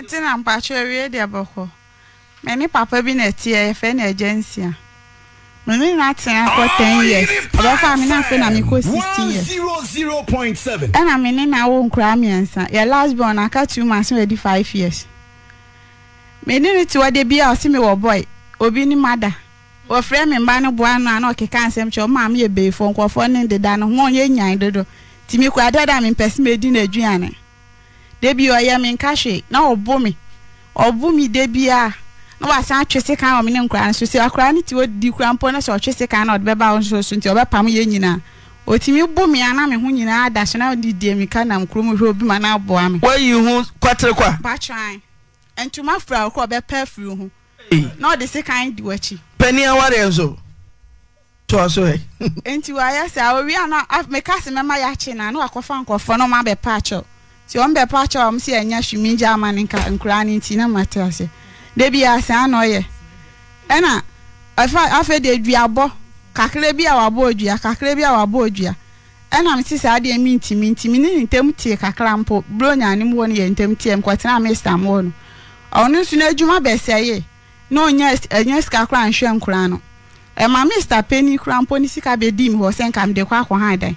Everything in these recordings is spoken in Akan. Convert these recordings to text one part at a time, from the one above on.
nti na mpakyɛ awie deɛ bɔkɔ mene papa bi na eti ɛteɛ yɛfɛ no agency a mene na na kɔ 10 years ɔbɛfa me na afei na mekɔ 16 years ɛna mene na wo nkoraa mmiɛnsa ya last born aka 2 months na wadi 5 years mene no te wɔde ọsị ɔse wọ bọị obi ne mada wɔfrɛ me mba no boa no a na ɔkeka nsɛm kyɛ ɔmaa meyɛ beefoɔ nkɔfoɔ ne deda no ho ɔnyɛ nyan dodo nti mekɔ adada mempɛ sɛ medi no aduane debi ɔyɛ me na debi a na wasan atwe kan ne nkura nso akura di kura mpo na sɛ ɔtwe na ɔde bɛba nso so nti yɛ nyinaa bu mi ana mi ho nyinaa na ɔde die mi ka nam kurom hwɛ obi ma na aboa mi. wɔyi ho kwatere kwa. ntoma fura firi ho na ɔde se kan di wɔkyi. panyin nso so na na wakɔfa nti wɔn bɛ pa kyɛ wɔn sɛ ɛnya hwimi ama ne nka nkura nti na mate ase debi ase ano yɛ ɛna afa afɛ de duabɔ kakra bi a wabɔ odua kakra bi a wabɔ odua ɛna mi ti saa deɛ mi ntimi ntimi ne ne ntɛm tie kakra mpo bronya ne mu wɔ no yɛ ntɛm tie mu kɔtena mi stam wɔ no ɔno nso n'adwuma bɛsɛ yie na onya ɛnya sika kora nhwɛ nkura no ɛma mi sta kora mpo ne sika bɛ di mu hɔ sɛ nka mi de kɔ akɔ ha dan.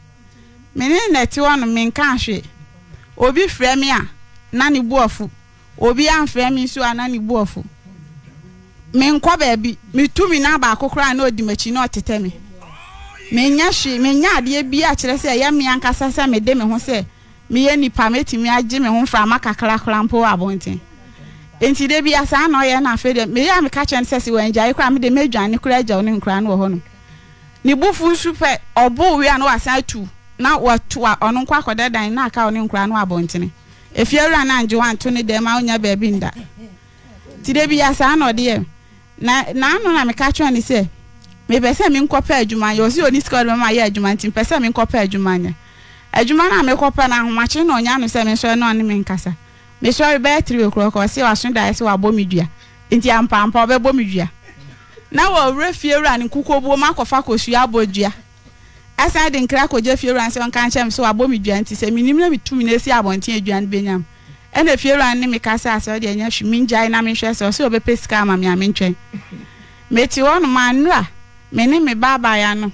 mene na ɛte hɔ no menka obi frɛ me a na ne bu obi amfrɛ me nso a na ne bu ɔfo menkɔ baabi metumi na baako koraa na ɔdi m'akyi na ɔtetɛ me menya hwee menya adeɛ bi akyerɛ sɛ ɛyɛ me ankasa sɛ mede me ho sɛ meyɛ nipa metumi agye me ho mframa kakrakora mpo abɔnten nti de bia saa na ɔyɛ na afei deɛ meyɛ a meka kyerɛ no sɛ sɛ wɔangyae koraa mede mɛdwane koraa agya ne nkora no wɔ hɔ no ne bufu nso pɛ ɔbɔ na na watoa ɔno nkɔ dan na aka ɔne nkura no abɔntene efi na ne dɛm a onya baabi nda ti ya na ɔde na n'ano na meka kyerɛ ne sɛ mepɛ sɛ menkɔpɛ adwuma yɛ ɔsi oni yɛ adwuma nti sɛ adwuma nyɛ adwuma na mekɔpɛ na ahomakye na ɔnya no sɛ mesɔre na ɔne me nkasa mesɔre bɛyɛ tiri okurɔ kɔ ɔsi waso da ɛsɛ mi dua nti ɛsan de nkira kɔgye fie wura sɛ ɔnka nkyɛn so wabɔ mi dua nti sɛ mi nim na mi tu mi na esi abɔnten aduane benyam ɛna fie wura ne mi kasa asɛ ɔde ɛnyɛ hwi mi ngyae na mi nhwɛ sɛ ɔsɛ ɔbɛpɛ sika ama mi ame ntwɛn meti hɔ nom anura me ne mi baabaya no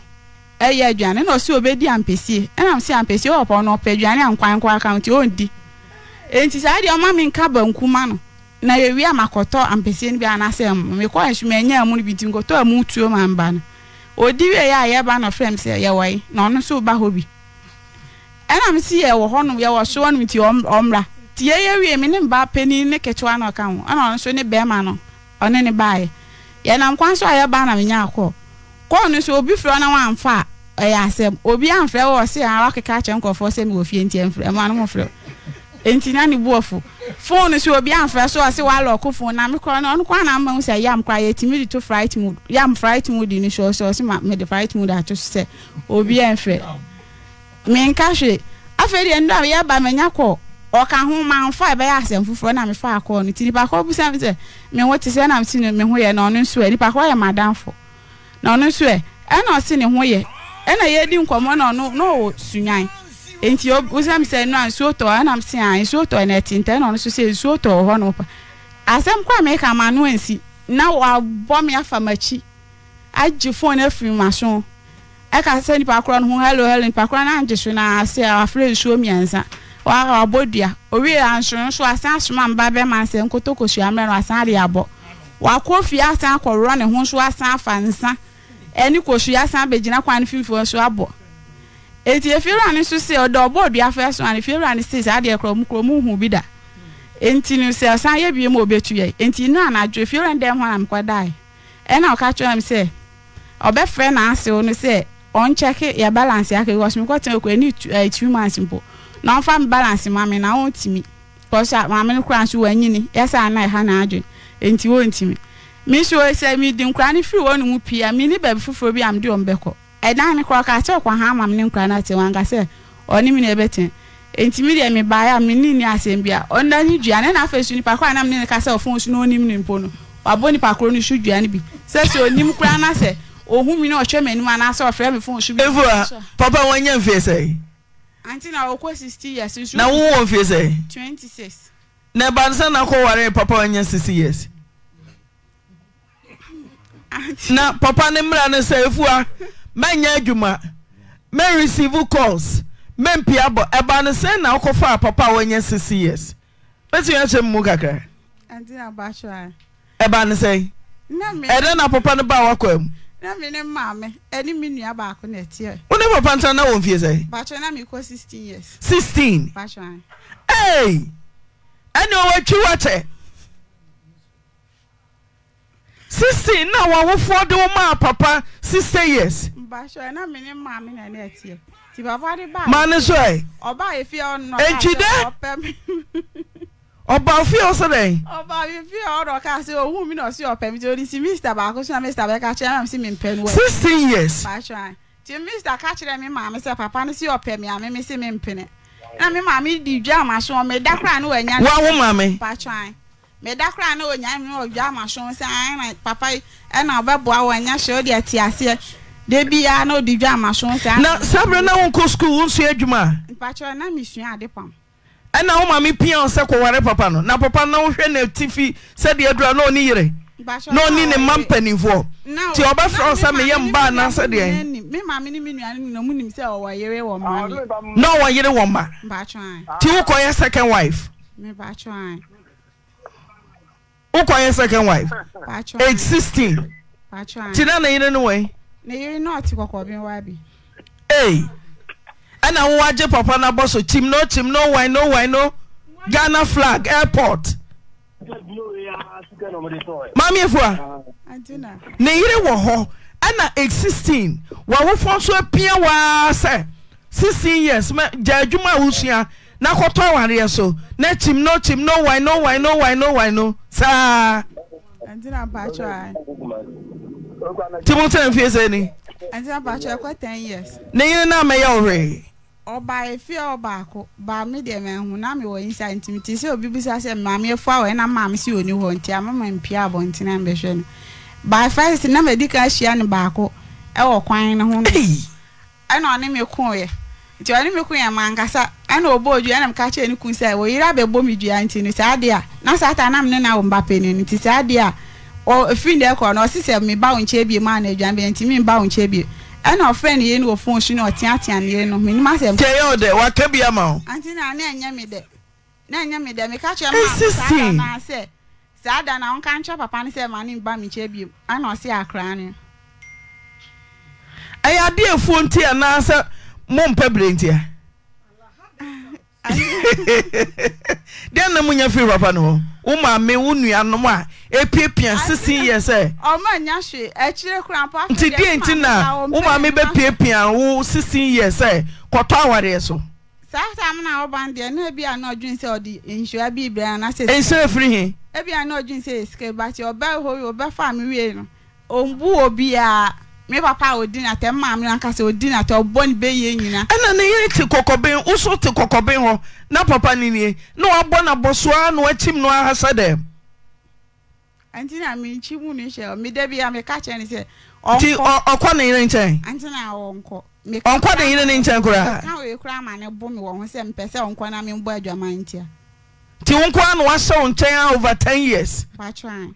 ɛyɛ aduane na ɔsɛ ɔbɛdi ampesie ɛna mo sɛ ampesie wɔ pɔn no ɔpɛ aduane ankwankwa aka nti ɔndi nti saa deɛ ɔma mi nka bankuma no na yɛwie amakɔtɔ ampesie no bi anaasɛ mu mekɔ nsuma ɛnyɛ mu no bi ti nkɔtɔ a tuo ma mba no odi wie a yɛba no frɛm sɛ yɛwɔ yi na ɔno nso ba hɔ bi ɛna m si yɛwɔ hɔ nom yɛwɔ so nom ti ɔmra ti yɛyɛ wie me ne mba panin ne ketewa na ɔka ho ɛna ɔno nso ne bɛrima no ɔne ne baayɛ yɛnam kwan so a yɛba na menya akɔ kɔɔ no nso obi frɛ na wamfa e a ɛyɛ asɛm obi amfrɛ wɔ se a ah, wakeka akyɛ nkɔfoɔ sɛ mewɔ fie nti ɛmfrɛ ɛma no mfrɛ nti na ne buɔfo fone so obi amfra so ɔse waalɔ ɔko fone na me korɔ no ɔno na ama sị ya mkwa ya yɛtumi de to fright mood yam fright mood no so ɔsɛ ọsị ma mede fright mood ato so sɛ obi ɛmfrɛ menka hwe afei deɛ ndo a yɛba manya kɔ ɔka ho ma mfa ɛbɛyɛ asɛm foforɔ na mefa akɔɔ no nti nipa kɔ busa me sɛ me ho te sɛ na mete no me ya yɛ na ɔno nso ɛ nipa kɔ yɛ madamfo na ɔno nso ɛ ɛna ɔse ne ho yɛ ɛna yɛdi nkɔmmɔ na ɔno na ɔwɔ sunyan nti wosɛm sɛ no a nsuo tɔ ɛnam se a nsuo tɔ na ɛtintɛ na ɔno nso sɛ nsuo tɔ hɔ no pa asɛm kɔ a meka ma no ansi na wabɔ me afa m'akyi agye phone afiri m'aso ɛka sɛ nipa korɔ no ho hello hello nipa korɔ no agye so na ase a wafrɛ nsuo mmiɛnsa waka wabɔ dua owie ansoro nso asan asoma mba bɛma nsɛ nkotoko sua mmerɛ no asan de abɔ wakɔ fie asan akɔworɔ ne ho nso asan afa nsa ɛne e kosua asan abɛgyina kwan nso abɔ eti efiwura ne nso si ɔdɔ ɔbɔ ɔduafo ɛso a ne fiwura ne si saa deɛ kurom kurom bi da eti ne sɛ ɔsan yɛ bie mu obetu ya eti ne anadwo fiwura ne dɛm hɔ na mekɔ dae ɛna ɔka kyerɛ mi sɛ ɔbɛfrɛ n'asew no sɛ ɔnkyɛke yɛ balance ake wɔsi mekɔ tena okɔ eni tu eh, na ɔnfa balance maame na ɔn ti mi maame kura nso ana na adwe eti wɔn ti mi mi nso sɛ mi dị nkura ne firi wɔn pii bi ɛdan ne korɔ kaa kyɛw kɔ ha ama ne nkura na te wɔn ankasa ɔne mi na ɛbɛtɛn nti mi deɛ mi baeɛ a mi ni ni asɛm bi a ɔnda dua ne su nipa a nam ne su na onim ne mpo no wabɔ nipa koro ne su dua ne bi sɛ sɛ onim kura na sɛ ohun mi na ɔtwɛ mɛ anim anaasɛ ɔfrɛ mi su bi. efu a papa wɔn nyɛ nfie sɛ. anti na ɔkɔ sixty years na wo wɔ nfie sɛ. twenty six. na bansa na kɔ ware papa wɔn nyɛ sixty years. na papa ne mmira ne sɛ mɛnyɛ adwuma mɛreceive calls mɛmpia bɔ ɛba no sɛn na wokɔfaa papa a wɔnyɛ six years mɛtumi akyɛ mu mu kakra ɛba no sɛn ɛdɛ na papa no baa wakɔa mu na mi ne maame ɛne mi nua baako na ɛteɛ. wọn ní papa ntana wọn fi ẹsẹ. bàtúwẹ̀ náà mi kọ́ sixteen years. sixteen. bàtúwẹ̀. ee ẹni ọwọ́ etwi wọ́tẹ̀ sixteen náà wọ́n awọ́fọ́ de wọ́n máa papa sixteen years maa ne so ɛ enti dɛ ɔba fi ɔsɛ dɛ. ɔba fi ɔdɔ kaa se ohun mi na ɔsi ɔpɛ mi ti o di si mista baako si Mr. mista Mr. ka kyerɛ mi si mi mpɛ nuwɛ. sixteen years. ti mista ka kyerɛ mi maame sɛ papa ne si ɔpɛ mi ame mi si mi mpene na mi maame di dwa ama so ɔmɛ dakora ne wɔ nya. wa wo maame. meda koraa ne onyame ɔdwa amasom sɛ papa ɛna ɔbɛboa wɔ nyɛ hyɛ wode ati aseɛ debi ya na odi dwa ama so nsa. na sábẹ̀rẹ̀ náà wọn kọ skul wọn sùn na mi sùn ade pam. ɛna e wọn maame pia ɔsɛ kɔware papa no na papa e no hwɛ ne tifi sɛdeɛ adura na ɔni yere na ɔni ne mma mpanimfoɔ ti ɔbɛ fɛ ɔsɛ meyɛ mba anaasɛ deɛ. mi maame ni mi nua ni na mu nim sɛ ɔwɔ yere wɔ mma mi. na ɔwɔ yere wɔ mma. ti wokɔ yɛ second wife. mi batsɔ an. yɛ second wife. age sixteen. ti na na yere ni wɔyi ne yere na ɔte kɔkɔɔ bi bi. ee ɛna wo agye papa no abɔ so kyim no kyim no wan no wan no ghana flag airport. maame efua ne yere wɔ hɔ ɛna sixteen wawofo nso apia waa sɛ sixteen years gya adwuma a wosua na kɔtɔ awareɛ so na kyim no kyim no wan no wan no wan no wan no saa. ti mo tẹ n ni. àti abàtúwẹ̀ ẹ̀kọ́ ten years. ne yín náà mẹ́yà ọ̀rẹ́. ọba efi ọbaako baami deɛ mɛ nhun naami wɔ nsa ntumi ti sɛ obi bisa sɛ maame efu awɔ ɛna maame si oni hɔ nti ama ma mpia ntị a mbɛhwɛ no by first na ma edi ahyia baako ɛwɔ kwan no ho no ɛna ɔne mi ko yɛ nti ɔne mi ko yɛ mankasa ɛna ɔbɔ odua ɛna mu ka mi dua na saa ata anam a. ofiri e kɔ na ɔsi sɛ mi ba wo nkyɛn bie mu a na aduane bɛ nti mi ba wo nkyɛn bie ɛna ɔfrɛ ne yie no wɔ fon so na ɔteatea ne yie no mi nim asɛm. tẹ yẹ o de? wa kẹ bi ama o. anti na enye ɛnyɛ mi dɛ ne ɛnyɛ mi dɛ mi ka saa da na sɛ saa da na nka nkyɛ papa ne sɛ ma ne ba mi nkyɛn bie mu ɛna ɔsi akora ne. ɛyɛ adeɛ efuo nti anaasɛ mo mpɛ bere nti a. na mo papa wo maame wo nnuanom a ɛpiapia sisi yɛ sɛ nti deɛ nti na wo maame bɛpiapia wo sisi yɛ sɛ kɔtɔ awareɛ so saa tam na ɔban deɛ na ebi a na ɔdwin sɛ ɔde nhyira bi ibira na sɛ nhyira firi he ebi a na ɔdwin sɛ sika bati ɔbɛ hɔ ɔbɛ fa mi wie no ɔmbu obiara me papa odi na tẹ maa mi ankasa odi na tẹ ọbọ ni bẹ yie nyina. ẹna ne yere te kɔkɔben woso te kɔkɔben hɔ na papa ni nie na wabɔ na bɔsoa na wakyim na wahasa dɛ. nti na mi nkyi mu ni hyɛ mi dɛ bi ya mi ka kyerɛ ni sɛ. nti ɔkɔ ne yere nkyɛn. nti na ɔnkɔ. ɔnkɔ ne yere ne nkyɛn koraa. ɔka oye koraa ma ne bo mi wɔ ho sɛ mpɛ sɛ ɔnkɔ na mi bɔ adwaman tia. ti nko na wahyɛ wo nkyɛn over ten years. patron.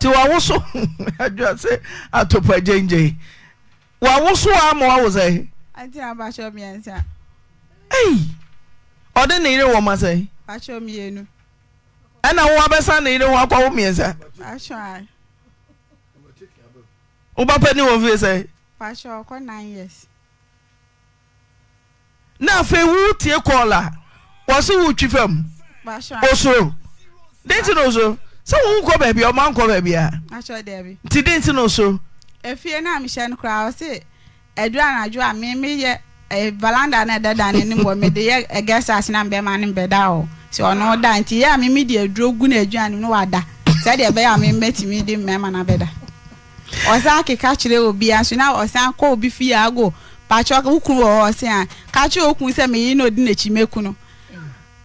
nti wawoso adwa sɛ atopa gyengye wawoso a ma wawo sɛ ei ɔde ne yere wɔ ma sɛ ɛna wo abɛsa ne yere ho akɔ wo mmiɛnsa wobapɛ ne wɔ fie sɛ na afei wo tie kɔɔla wɔ se wo twi fam osoro de nti na osoro sɛ wowo kɔ baabi ɔma nkɔ baabi a nti de nti no so afie no a no koraa ɔ se anadwo a mi meyɛ eh, valanda na ɛda da ne nim wɔ asị eh, na mbɛma no mbɛda o sɛ ɔno da nti yɛ a de aduro gu no sɛdeɛ ɛbɛyɛ a bɛda ɔsan keka kyerɛ na ɔsan kɔ obi ago wɔ hɔ sɛ meyi odi no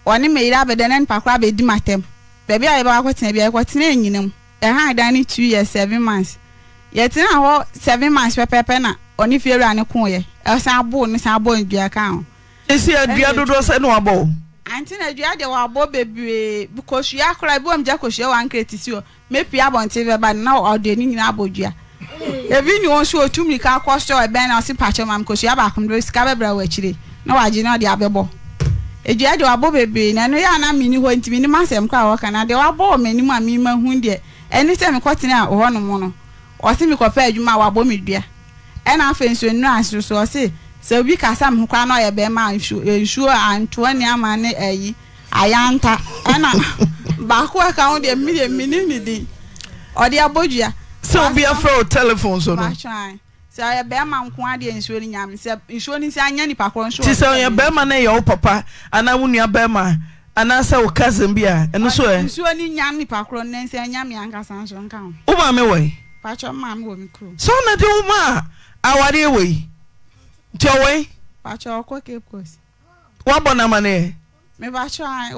ɔne baabi a yɛbɛ akɔtena bi a yɛkɔtena enyinam ɛhan dan ne two years seven months yɛtena hɔ seven months pɛpɛɛpɛ na ɔne fie wura ne ko yɛ ɛsan abo ne san abo ndua ka ho. esi adua dodoɔ sɛ ne wabɔ. ante na adua deɛ wabɔ bebree kosua koraa ebi wɔn gya kosua wɔn ankreti si hɔ mepi abɔnten bɛba na ɔde ne nyinaa abɔ dua ebi ni wɔn nso otu mirika akɔ sɔ ɛbɛn na ɔsi pàtɛ mam kosua baako mi do sika bɛbrɛ wɔ akyire na wagye na ɔde abɛbɔ edua deɛ wabɔ bebree na ɛno yɛ ana mini hɔ ntumi ne masɛm kɔ a wɔka na deɛ wabɔ wɔ m'anim a mima hu deɛ ɛne sɛ mekɔ tena a ɔhɔ nom no ɔse mekɔpɛ adwuma a wabɔ me dua ɛna afei nsuo nnura ahyew so ɔse sɛ obi kasa me ho koraa na ɔyɛ bɛrima a nsuo nsuo antoɔ ne ama ne ayi ayanta ɛna baako ɛka ho deɛ mi deɛ mi ne ne din ɔde abɔ dua. sɛ obi afra o telephone so no. sɛ yɛ bɛrima nko adeɛ nsuo no nyame sɛ nsuo no nsi anyɛ nipa korɔ nso nti sɛ yɛ bɛrima no yɛ wo papa anaa wo nua bɛrima anaasɛ wo cousin bi a ɛno so ɛ nsuo nyam nipa korɔ no ankasa nso nka ho wo wɔ me sɛ a awareɛ wɔ yi nti ɔkɔ cape nama no yɛ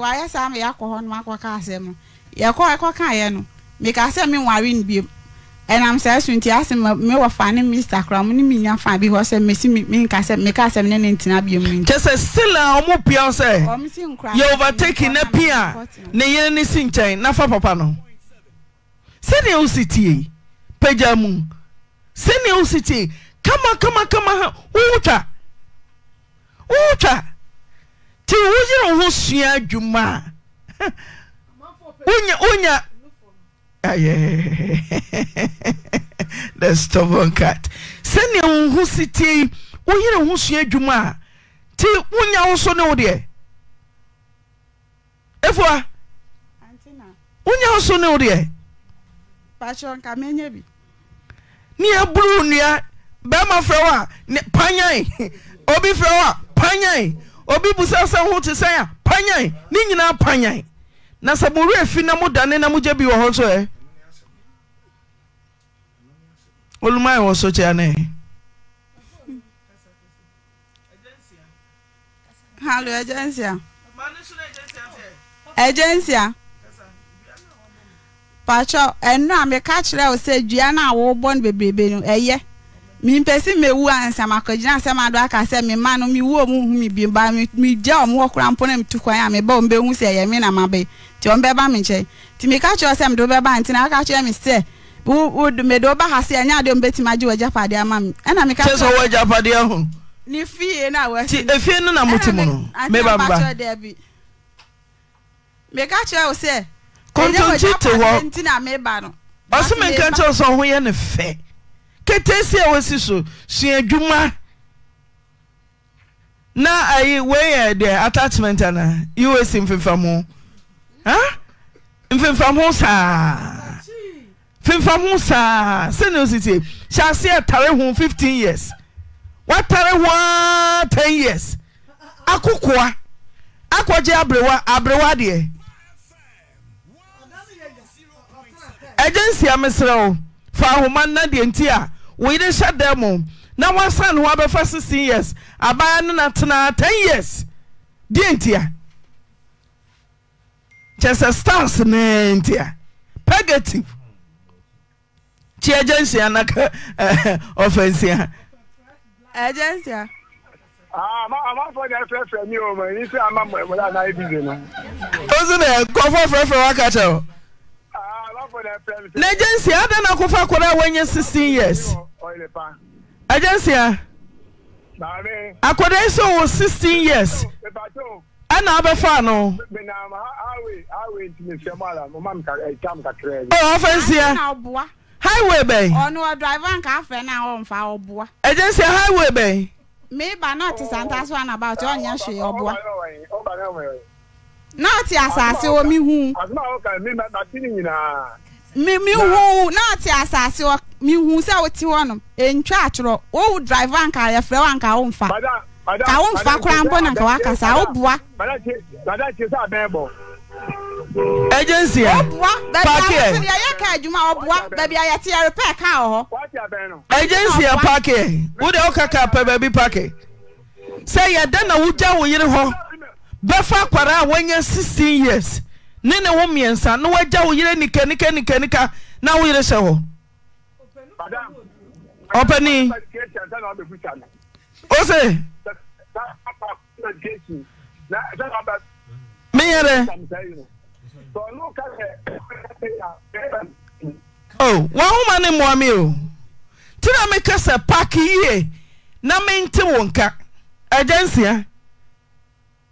wayɛ saa meyɛakɔ hɔ asɛm no yɛkɔ ɛnam sɛ ɛso nti ase ma mi wɔ fa ne mista kora mo ne mi nya fa bi hɔ sɛ mesi mi mi nka sɛ mi ka sɛ mi ne ne ntina bi mu. kyɛ sɛ sila ɔmo pia sɛ yɛ overtake ne pia ne yere ne si nkyɛn nafa papa no sɛdeɛ o si tie pagya mu sɛdeɛ o si tie kama kama kama ha wotwa wotwa ti woyere ho sua adwuma a wonya sɛneɛ wo ho si te i wo yerɛ woho sua adwuma a nti woya wo sne wo deɛ ɛfa woya wo so ne wo deɛ neɛbruu ndua bɛma frɛ wo apayan obi frɛ wo a panyan obi busa sa ho te san a payan ne nyinaa payan na sɛ mowerɛ fi na modane na mogya bi wɔ hɔ so ɛ olumayɛ wɔ so kyea ne Hello, agency. Agency. Pacho, ɛnu a meka kyerɛ wo sɛ dua no a wɔbɔ no bebrebe no ɛyɛ mi mewu ansa makɔgyina asɛm ado aka sɛ mi ma no mewu mu hu me bimba mi ɔmo hɔ kora mpo na metu kwan a meba ɔm bɛhu sɛ ɛyɛ me na mabɛ nti ɔm bɛba ti nkyɛn nti meka kyerɛ sɛ mede wobɛba nti na aka kyerɛ me sɛ mede woba ha se ɛnyɛ ade ɔmbɛtumi agye w'agyapadeɛ ama me ɛna meka kyerɛ sɛ wɔ agyapadeɛ ho ne e fie no a wɔti efie no na mote mu no meba mba meka kyerɛ wo sɛ kɔntɔnkyi te hɔ ɔsome nka kyerɛ sɛ ɔho yɛ ne fɛ ketesi a wɔsi so sua adwuma na ayi wɔyɛ deɛ attachment ana usi mfimfamu mfimfamu saa mfimfamu saa sɛnea ositie hyɛ aseɛ tare 15 years watare ho 10 years akokoa akɔgye abrewa abrewa deɛ agency a mesrɛ wo fa ahoma nna deɛ nti a wo yere hyɛ dɛm mu na wasan ne ho abɛfa sixteen years abaa no na tena uh, ten years deɛ ntia kyɛ sɛ stars ne ntia pagative kyi agency anaka uh, ɔfɛnsia. agency a. osi na nkɔfɔ fɛfɛ waka kyerɛ o. na agency ada na akụfa akwara wenye 16 years agency a akwara esi owo 16 years ana abɛfa ano. ọ ọfɛnsia highway bɛn. ɔno ɔdriver nka afɛ na ɔnfa ɔboa. agency highway bɛn. mi ba náà ti santa so anaba ọtí ọnyẹ ṣe ọboa. naatị asasị omi hu mi hu naatị asasị mi hu sị ọ ti hụ nọ ntwa atwere owu draiva nka ya fere wa nka ọ nfa ka ọ nfa koraa mbọ na nka ọ akasa bua. agency a paaki ɛ beebi a ka adwuma ɔbua beebi a yɛ te yɛ repair wɔ hɔ. agency paaki ɛ na wo yiri hɔ. bɛfa akwara a woanya 16 years ne ne wo mmiɛnsa na woagya wo yere nikanikanianika na wo yere hyɛ hɔ ɔpani o se meyɛ oh, wahoma ne mmoa me o nti na mekɛ sɛ pake yie na mente wo nka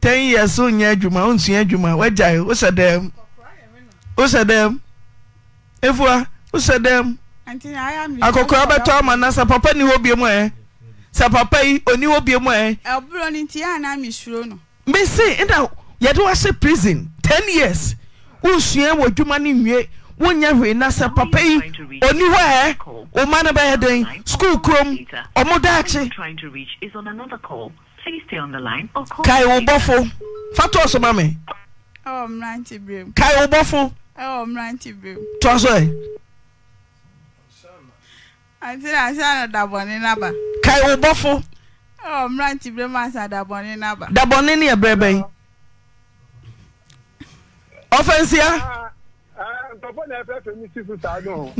ten years o nyɛ adwuma o nsua adwuma wagyae wosɛ dɛm wosɛ dɛm efua wosɛ dɛm akɔkora bɛtɔ ama na sɛ papa ni hɔ bie mu ɛ sɛ papa yi oni hɔ bie mu ɛ. ɛburo ni ti a na mi suro no. mbese nda yɛde wahyɛ prison ten years o nsua wɔ adwuma ne nwie wonyɛ hwee na sɛ papa yi oni hɔ ɛ o ma ne bɛyɛ den sukuu kurom ɔmo daakye. Please stay on the line or call. Kai Obofo. Fa so mame. Oh, mranti brem. Kai Obofo. Oh, mranti brem. To so e. Ati na se na dabone na ba. Kai Obofo. Oh, mranti brem asa dabone na ba. Dabone ni ebrebe. Offense ya. Ntɔpɔ na ɛfɛ fɛ mi si so saa no.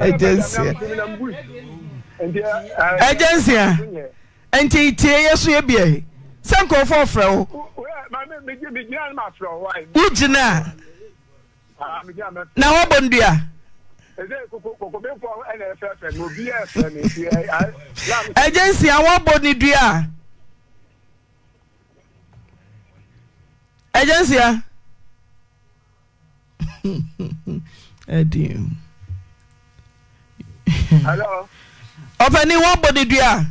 Ɛjɛnsia. Ɛjɛnsia nti tie yɛ so yɛ bie sɛ nkurɔfoɔ frɛ wo wogyina a ah, na wɔbɔ ndua agency a wɔbɔ ne dua a agency a ɛdi ɔpɛni wɔbɔ ne dua a.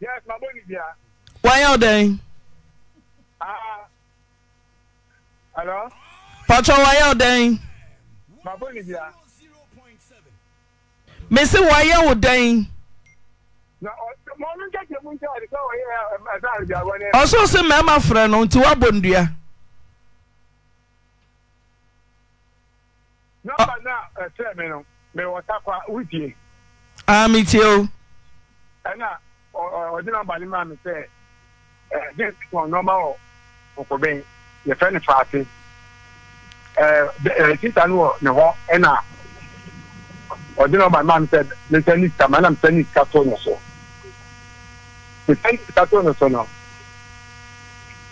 Yes, my boy is here. Why are they? Ah. Hello? Pacho, why are they? My boy is here. Messi, why are they? ọsọ sị mmarima fere no nti wabọ ndua. nọmba na ẹ tẹ mi no mi wọ takwa wiki. a mi tie ah, o. ẹ na ɔde namba ne maa mi sɛ ɛɛ jeans wɔn nɔɔma wɔ nkobɛn yɛfrɛ no faase ɛɛ ɛɛ sita no wɔ ne hɔ ɛna ɔde namba ne maa mi sɛ ne nsa ni sika ma ɛna nsa ni sika to ne so ne nsa ni sika to ne so no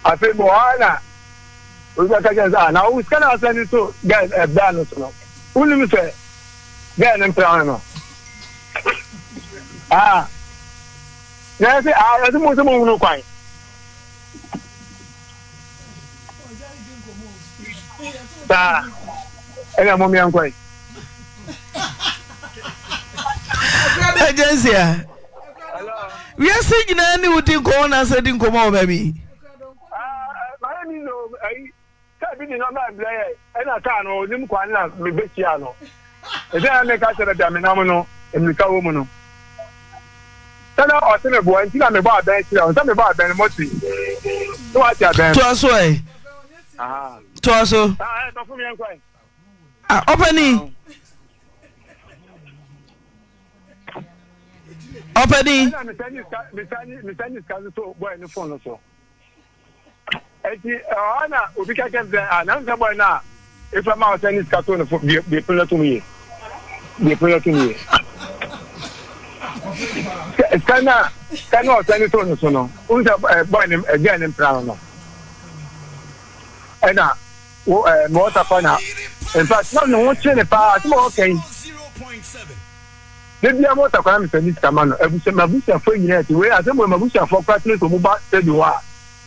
afei bɔ hɔ ɛna olùkọ́ kẹ́kẹ́ sẹ́ àná òun sika náà sẹ́ni tó gẹ́ẹ̀ ẹ̀ bẹ́ẹ̀ ni sọ̀rọ̀ wúni mi sẹ́ gẹ́ẹ̀ ni mpẹ́rẹ́ wọn nọ. yẹn sẹ ẹ sẹ mo sẹ mo hunu taa, ị ɛna mo agency a wiase nyinaa ne wodi nkɔmɔ na sɛ di nkɔmɔ wɔ baabi. maa mi nọ ayi kaa bi di nọmba abira kwan na mebe anọ no ɛdɛ mi ka kyerɛ bi a mi nam emirika wɔ mu no. sẹ́nà ọ̀sìn mi bọ̀ ẹ̀ ntí náà mi bọ̀ abẹ́rẹ́ ti rẹ̀ ọ̀sẹ̀ mi bọ̀ abẹ́rẹ́ mọ́tì tí wàá ti abẹ́rẹ́. tó aṣọ ẹ tó aṣọ. ọ̀pẹ̀ni ọ̀pẹ̀ni. sikasi tó bọ̀ ẹ̀ ní fóònù sọ. ẹtì ọ̀hánà òbí kẹ́kẹ́ bẹ̀ ànánsẹ́ bọ̀ ẹ̀ náà efiramá ọ̀sẹ̀ ní sikasi tó bìẹ̀ pínlẹ̀ tó mi yẹ sɛna sɛna ɔsɛne to no so no wohu sɛ bɔe ne agya ne mpra no no ɛna mɔɔsafa na infact na ne ho kye ne paa sɛ ma ɔkɛn da bia mɔɔsafa na mesɛne sika ma no eh, mabusuafoɔ nyinaa ti wei asɛ mmɔ mabusuafoɔ kora tene sɛ ɔmoba sɛbi hɔ a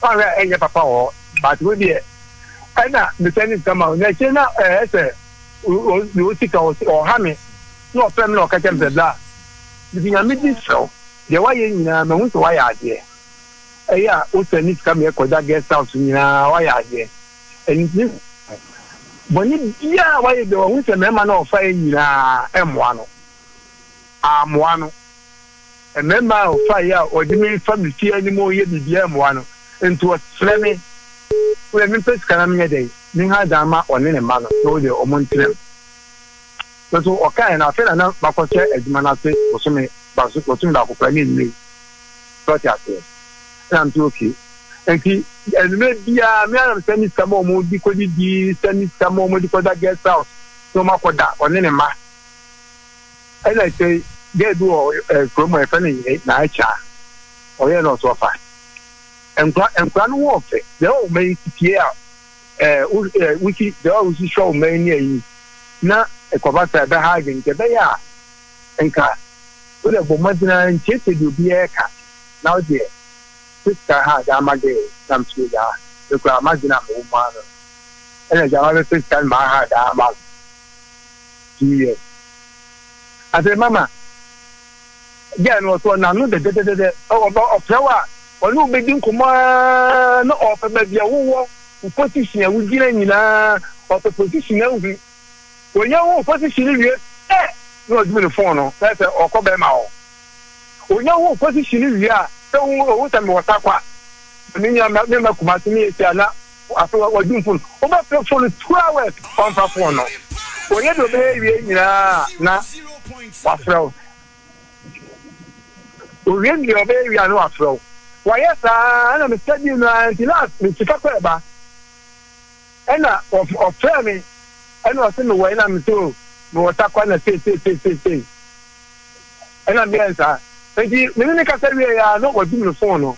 ɔhwɛ eh, ɛnyɛ papa wɔ hɔ but wo deɛ ɛna mesɛne sika ma no na akyire na ɛɛ sɛ o wo sika ɔha me na ɔfrɛ me na ɔka kyɛ me sɛ bla nti nyame di sɛw deɛ wayɛ nyinaa ma ho wayɛ adeɛ ɛyɛ a wosɛ ne sika ma ɛkɔda guest house nyinaa wayɛ adeɛ ɛnti bɔne biaa wayɛ deɛ wahu sɛ mmarima no ɔfa yɛ nyinaa ɛmmoa no ammoa no mmarima a ɔfa yɛ a ɔde me fa me fie ɔyɛ no nti ɔsrɛ sika na nso ɔkae na afei na na bakɔhyɛ adwuma no ase bosome baso bosome baako kora ne nnue tɔte aseɛ ɛna nso oke nti anuma biara mmea nam sɛ ne sam a wɔn di kɔdi di sɛ ne sam a wɔn di kɔda guest house na wɔn akɔda ɔne ne mma ɛna ɛsɛ gɛɛ bi wɔ ɛɛ kurom a yɛfɛ ne n'akyɛ a ɔyɛ nɔɔso ɔfa nkura nkura no wɔ ɔfɛ deɛ ɔwɔ mɛ yi tie a ɛɛ wusi deɛ ɔwɔ wusi hwɛ ɔmɛ yi ne ayi na. ɛkɔba sɛ ɛbɛha adwe nkyɛ ya a nka wodɛ bɔ mmɔdena nkyɛkyɛ obiara ka na wodeɛ sika ha de ama de nam ama ɛna gyama bɛ no ha no tiiɛ asɛ mama no n'ano ɔne na ɔpɛ a wowɔ wo a wogyina nyinaa ɔpɛ onye hụ position wie ee eh, na ọdụm ne fon no na-ese ọkọ bẹrẹ ma ọ onye hụ position wie a ewu owu sami wọta kwa ne nyina ne ma kuma si ne esi ana afe ọdụm ọ bẹ fẹ fon two hours ọmfa fon no onye dị obere wie nyinaa na wafrẹw owie mmiri ọbẹ wie a na wafrẹw wayɛ saa ɛna mesɛ bi nua nti na mesika kɔ ɛba ɛna ɔfrɛ me ɛna ɔsi mi wɔ ɛna mi so mi wɔ takwa na se se se se se ɛna mi yɛ nsa nti mi ni ne kasa wie ya na wɔ dum ne fon no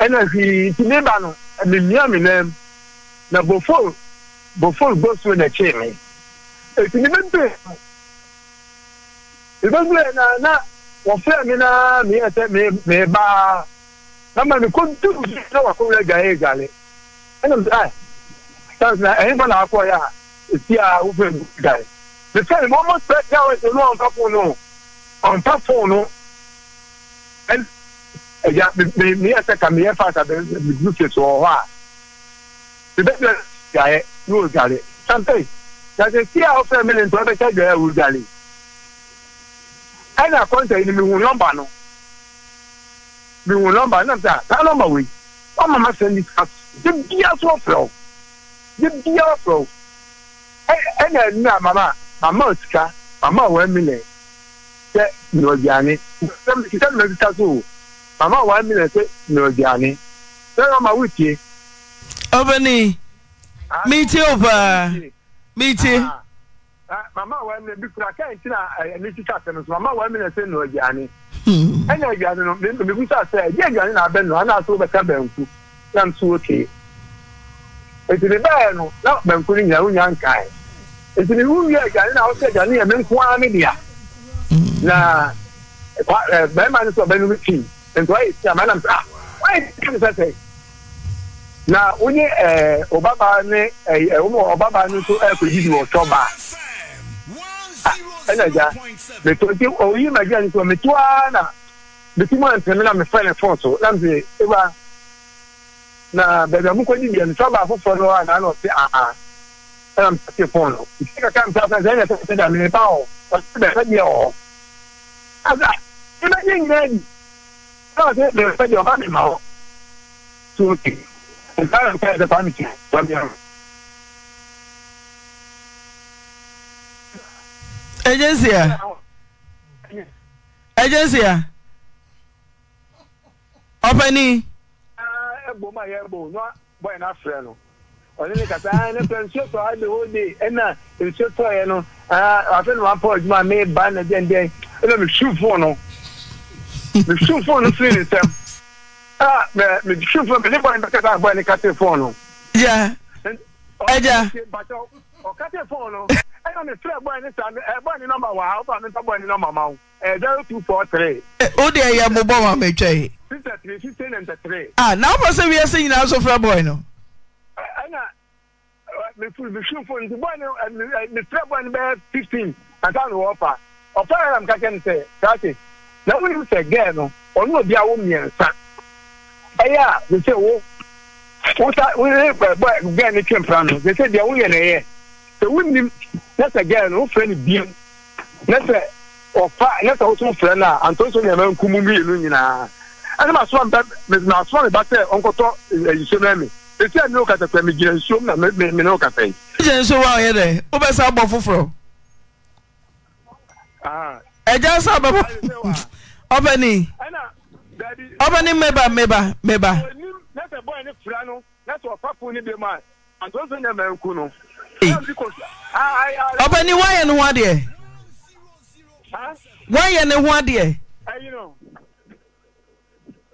ɛna hwii nti ne ba no ɛmi mia mi nan mu na bofol bofol gbosuo na kye mi eti ne bɛ bɛ ìgbẹ́gbẹ́ na na wɔfrɛ mi na meyɛ sɛ mebaa na ma mekɔduru na wakɔwerɛ gyaeɛ gyale ɛnam sɛ that's na ẹyin fana akọ ya esi eh, eh, a wofe lu guy the same mo mo spread down ẹsẹ ní ọ̀nta phone no ọ̀nta phone no ẹn ẹja mi mi yẹ sẹ ka mi yẹ fa ta bẹẹ mi du fèsì wọ hɔ a mi bẹ bẹ gàyẹ ní o gàlẹ santé yàtọ̀ esi a ọfẹ mi lè ntọ́ bẹ kẹ́ gàyẹ o gàlẹ ẹnna kọ́ńtà yìí ni mi hu nọ́mbà no mi hu nọ́mbà náà sẹ́ a tá nọ́mbà wẹ̀ ọ́n mama sẹ́ni ká ṣe bí a sọ fẹ́ o. ihe biya ọfọ ɛna e, e a mama mama osika mama one million sɛ nɔduane sisɛ nɔ so mama one million sɛ nɔduane hmm. sɛ ɔma wutie. ɔbɛni mi o paa mama emile bi kura na ɛni sisa so mama emile sɛ ɛna aduane no mi ɛdi aduane na abɛ nɔ ana so bɛ ka na nso nti ne bɛyɛ no na banku no nyina wonya nkae nti ne wowie agyane na wosɛ agyane yɛ me nko ara me dea mm. na eh, bɛrima no sɛ ɔbɛnom tii nti wayɛ tia ma nam a ah, wayɛ tia me sɛ sɛ na wonye eh, ɔbabaa ne eh, woma ɔbabaa no nso ɛkɔgyi di wɔ sɔ baa ah, ɛna gya meto nti ɔyi magya no sɛ meto ara na metu mu antene na mefɛ ne fon so na mese ɛba na baabi a mo kɔ di deɛ nsɔ baako fɔ no a na ɔte aa ah, ah. ɛna mo te fon no nti kaka mo sasa sɛ ɛna sɛ sɛ dame nipa hɔ ɔte bɛrɛ deɛ wɔ asa ɛna yɛ nyinaa di ɛna ɔte bɛrɛ deɛ ɔba mi ma hɔ so ok ntaa nka yɛ sɛ fa mi ti fa mi yɛ. agency a agency a ɔpɛni bom a yɛrebɔ na bɔyɛ no afrɛ no ɔne ne kasa a ah, ne pɛ nsuo tɔ ha de whole day ɛna nsuo tɔɔyɛ no ah, afei na wapɔ adwuma a meba na dɛndɛn ɛna mesu fon no mesu fon no firi ne nsɛm ah, a mesu fon mene bɔne bɛkasa bɔɛ ne kate fon no ya ɛgya ɔkate fon no ɛna me frɛ bɔɛ ne sa bɔɛ ne nɔmba wɔ ha wofa me nsa bɔɛ ne nɔmba ma wo ɛyɛ zero two four three. o de ɛyɛ mo bɔ ma mɛ twɛ yi sista three ah, ah, fifteen and three. ah na ọmọ sẹ wiye sẹ nyinaa sọ fẹ bọyì nọ. ẹna mefuru mefuru fo nti bọyì ni mefura bọyì ni fifteen àtàwọn wọ ọfà ọfà yẹn nà mkakẹ ni sẹ kàtì na wọn yìí sẹ gẹẹ no ọ̀nà òbí àwọn mìẹnsa ẹyẹ a wọ́n sẹ wọ́n wọ́n sá wọ́n yẹ bọyì gẹẹ ni twẹ̀ mpira no wọ́n sẹ deẹ wọ́n yẹ nà ẹyẹ sẹ wọ́n nim na sẹ gẹẹ no wọ́n fẹ́ ni bíẹ́ na sẹ ọfà na sẹ wọ́n tún fẹ́ na àtúnṣe ní ẹ̀mẹ́ nkúmú mìínú nyinaa ɛne ma soa mbɛ eh, e na soa ne ba sɛ ɔnkɔtɔ nsuo no ɛmi esi ɛni o kata pɛ mi gyina nsuo mu na mi mi ne o kata yi. gyina nsuo wa ɔyɛ dɛ wobɛsa abɔ foforɔ. ɛgya nsa abɛbɔ ɔbɛni ɔbɛni mmeba mmeba mmeba. n'asɛ bɔyɛ ne fila no n'asɛ ɔfa fun ne bɛ mu a antɔnso nyɛ mɛ nku no. ɔbɛni wayɛ ne ho adeɛ. wayɛ ne ho adeɛ.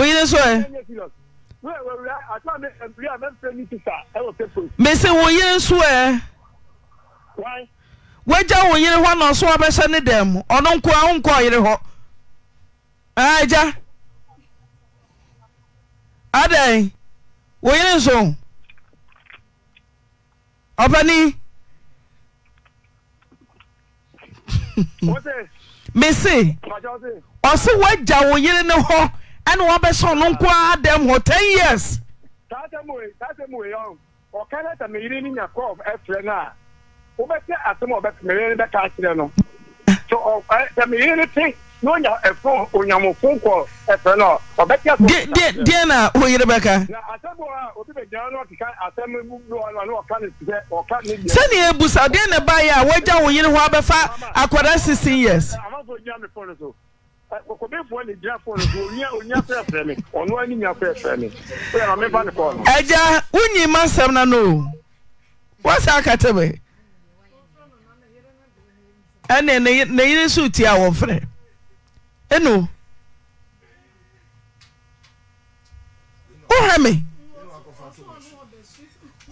oyi ne so yɛ. mesi wo yere nso ɛ wagya wo yere hɔ na ɔso abɛhyɛ ne dɛm mu ɔno nko a wonkɔ yere hɔ agya adɛn wo yere nso ɔpani mesi ɔse wagya wo yere ne hɔ ɛna wabɛsɔn no nko ara dɛm hɔ ten years. saa sɛ mo ye ɔka na sɛ meyiri ni nyakɔ ɛfrɛ no a wobɛte asɛm a ɔbɛka meyiri no bɛka akyerɛ no sɛ ɔɛ sɛ meyiri no te na onya ɛfo onyamofo kɔ ɛfrɛ no ɔbɛte asɛm. deɛ deɛ deɛ na oyiri bɛka. na asɛm a obi bɛ gyina no ɔkeka asɛm mu bi wɔ na ɔka ne sɛ ɔka ne deɛ. sani ebusa deɛ na ba yɛ a wagya wo yiri hɔ abɛfa akwadaa sixteen years. amafo gyina mi fone so kòkòbéfoɔ ni gyina fone so onya onya fɛ fɛ mi ɔno ani nya fɛ fɛ mi o yàrá mi ba ni kɔɔ no. ɛgya wunyi ma nsɛm na no wɔsɛ akata bɛ ɛnna ne yiri nso ti a wɔfrɛ ɛnu wohɛ mi.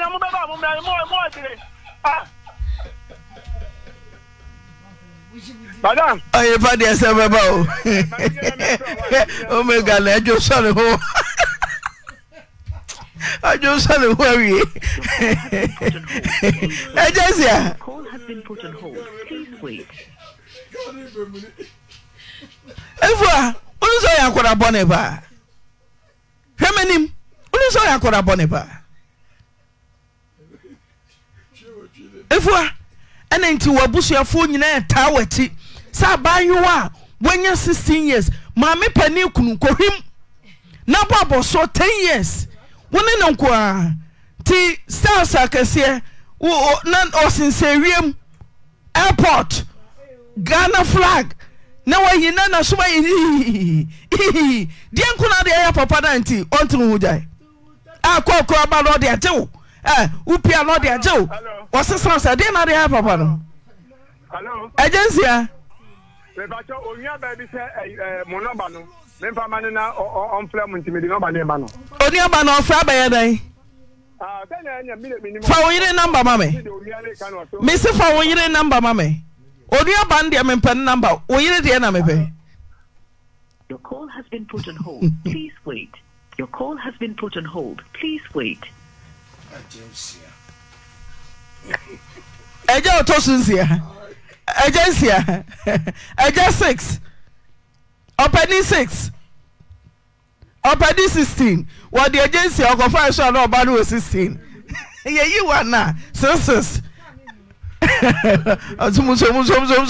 ni ọmú bẹ́ẹ̀ bá mú mi mọ́ ẹ mọ́ ẹ tèrè. madam. ọyẹ ìbàdí ẹsẹ o omega na ẹjọ sọrọ hó ọjọ sọrọ hó ẹwìẹ ẹjẹ sí a. efu a olu sọ yà akọrọ abọ ne ba hwẹmẹnim olu yà akọrọ abọ ne ɛfua ɛna nti wɔabusuafoɔ nyinaa ɛtaa w'akyi sɛ abaayewa a wanya sixteen years maame pani kunu kɔhwim na bɔ abɔsoɔ 10 years wone ne nko a nti stars akɛseɛ na ɔsensɛwiem airport ghana flag na wayi na nasoma yi deɛ nko na ɛyɛ papa da nti ɔntene ho gyae a kɔɔkora ba no ɔde ɛ eh, wupia no ɔde wo wɔsesa sɛ deɛ na de papa no ɛgye nsia onua baabi eh, eh, no ɔfrɛ abɛyɛ dɛn ah, fa wo yere namba ma me mese fa wo yere namba ma me onuaba no deɛ mempɛ no namba wo yere deɛ na mepɛ Your call has been put on hold. Please wait. Your call has been put on hold. Please wait ɛgya ɔtɔ so nsia ɛgya nsia ɛgya six ɔpɛni six ɔpɛni sixteen wɔde ɛgya nsia ɔkɔfa ɛso a na ɔba no wɔ sixteen yɛyi wa na six six ɔtumtumtumtumtum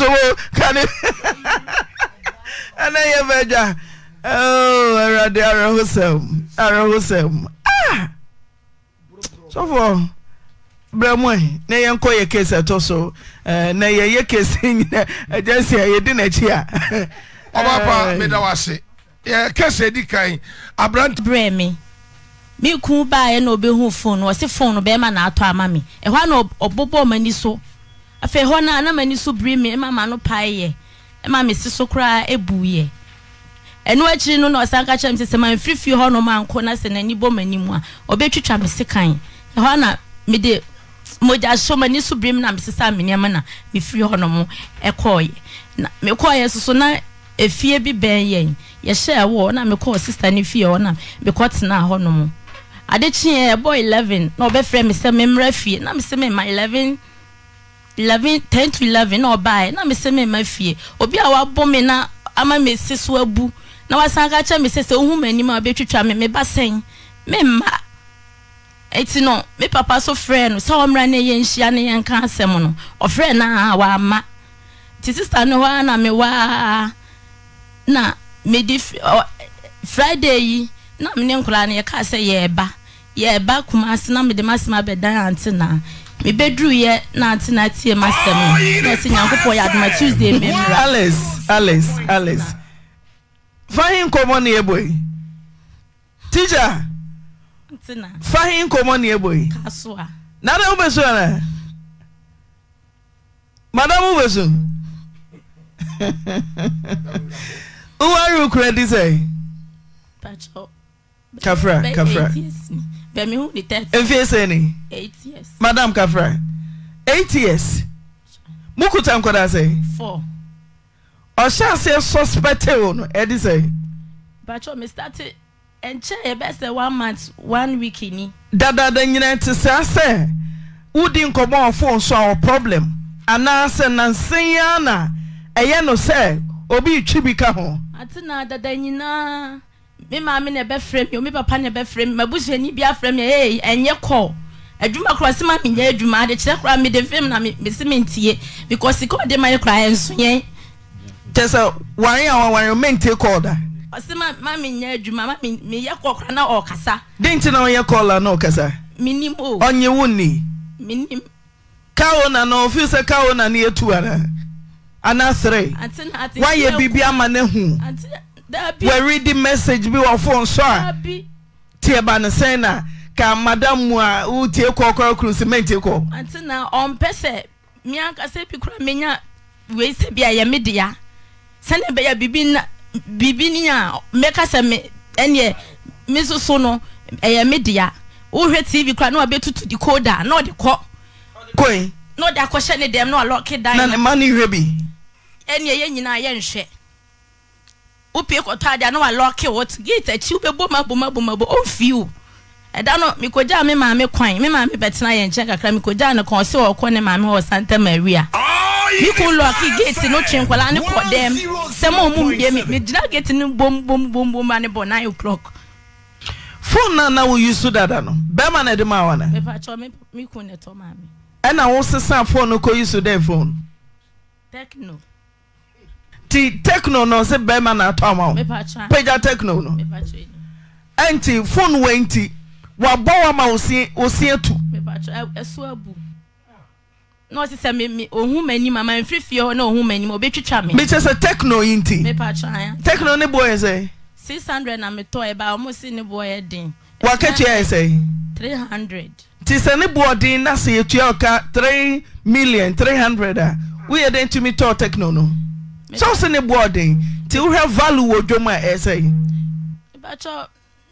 kane ɛna yɛ bɛgya ɛɛ awurade arahosɛm arahosɛm ah. sɔfoɔ berɛ mu na yɛnkɔ yɛ kase ɛtɔ so na yɛyɛ kesi nyina agya si a yɛdi n'akyi a ɔbapa meda wase yɛ kase adi kan abrant brɛ me me ku baeɛ na ɔbɛhu fon fone ɔse fon no na atɔ ama me ɛhɔ na ɔbobɔ m'ani so afei hɔ no a na m'ani so bere me ma ma no paeɛ ma me se so koraa ɛbuiɛ ɛno akyiri no na ɔsan ka kyerɛ me sɛ sɛ mamfiri fie hɔ no mankɔ na sɛ n'ani bɔ m'anim a ɔbɛtwitwa me se kan hɔ na mede mogya hyɛ m'ani so birim na mesesa me nneɛma na mefiri hɔ nom ɛkɔɔyɛ na mekɔɔyɛ soso na efie bi bɛn yɛn yɛhyɛ ɛwɔ na mekɔɔ sista ne fie hɔ na mekɔ tenaa hɔ nom adekyeɛ ɛbɔ eleven na ɔbɛfrɛ me sɛ memmra fie na mesɛ mema eleven eleven ten to eleven na ɔbaeɛ na mesɛ mema fie obi a wabɔ me na ama me si so abu na wasan ka kyerɛ me sɛ sɛ ohun m'anim a ɔbɛtwitwa me meba sɛn memma eti no me papa so frɛ no sɛ ɔmmra ne yɛ nhyia ne yɛnka asɛm no ɔfrɛ no a waama nti sista no hɔ a na mewaa na mede friday yi na mene nkoraa no yɛkaa sɛ yɛɛba yɛɛba kuma ase na mede masɛm abɛdan ante na mebɛduru yɛ na ante na tie masɛm na ɛsɛ nyankopɔn yɛ adoma tuesday mmemmra alice alice alice fa hi nkɔmmɔ ne yɛbɔ yi teacher fahin nkɔmmɔ ne ɛbɔ yi nana wobɛsu ana madam wobɛsu woware wokura di sɛ kafra kafra mfie sɛ ni e madam kafra eight years mokuta nkɔda sɛ ɔhyɛ aseɛ suspecte wo no ɛde e sɛ nkyɛ yɛbɛsɛ one month one week ni. dadaada nyina te saa sɛ wodi nkɔmɔ ɔfo so a wɔ problem anaasɛ nansen ya na ɛyɛ no sɛ obi twi bi ka ho. ate na dada nyinaa me maame na ɛbɛfrɛ mi o me papa na ɛbɛfrɛ mi mabusuani bi afrɛ mi ɛyɛ ɛnyɛ kɔ adwuma kora sima mi nyɛ adwuma adekyerɛ kora mi de fim na mi si mi ntie because kɔɔ de ma yɛ kora ɛnso yɛn. kyɛ sɛ wɔn a wɔn wɔn mɛ ntie kɔɔ da. y dwmdenti na ɔyɛ kɔla nakasa ɔye woni kaonanafi sɛ kaona ne yatu an anaserɛwoyɛ birbi ama no hu wɔared message bi wɔfonsɔ a tiɛ ba ne sɛn na ka mada mu a otie kɔ krakros mantie kɔsɛakasbas mdeaneɛbbn biribi ni a mmeka sɛ me ɛneɛ me soso no ɛyɛ me dea wohwɛ tv kora na wabɛtutu de koda na ɔde kɔ koi na ɔde akɔhyɛ ne dɛm na ɔlɔke dan na ma ni hwɛ bi ɛneɛ yɛn nyinaa yɛnhwɛ wopie kɔtɔ adeɛ na walɔke wɔ gate akyi wobɛbɔ mabomabomabo ɔmfii wo ɛda no mekɔgyaa me maame kwan me maame bɛtena yɛ nkyɛn kakra mekɔgyaa no kwan ɔsɛ ɔkɔ ne maame hɔ santa maria mekɔ lɔke gate no twe nkwadaa ne kɔ dɛm sɛm a ɔmu mbie me megyina gate no bom bom bom bom a ne bɔ nine o'clock phone na na woyi so dada no bɛrima no, ɛde ma wa no, mepakyɛ meku ne tɔ maame ɛna wo sesa phone no kɔyi so dɛ phone techno ti techno no sɛ bɛrima na atɔ ama wo pagya techno no ɛnti phone wɔ nti woabɔ wo ma ɔsea tomikyɛ sɛ tɛkno inti tɛn no boɔɛ sɛ waka tua ɛ sɛ nti sɛ ne boɔ den na sɛ yɛtua ɔka 3milin300 a woyɛ dɛn tumi tɔɔ tekno no sɛsɛne boɔ den nti wohwɛ value wɔ dwom a ɛɛsɛe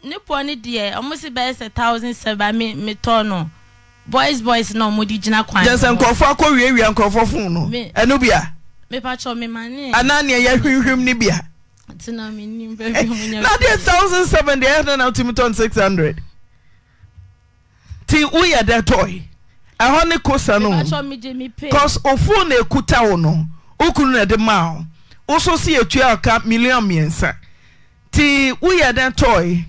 ne pɔne deɛ ɔmo si bɛyɛ sɛ thousand seven mi mi tɔ no boys boys na ɔmo di gyina kwan. jẹsẹ nkurɔfoɔ akɔ wiawia nkurɔfoɔ fun no ɛnu bia. mipatsɔ mi ma ne. anaa nea yɛ hwimhwim ne bia. tena mi ni bɛbi mo nya. na eh, thousand seven deɛ ɛna na tumi tɔn six hundred ti woyɛ dɛ tɔi ɛhɔ ne kosa no cause ofuo na ekuta wo no okunu na ɛde maa wo woso si etua ɔka million mmiɛnsa ti woyɛ dɛ tɔi.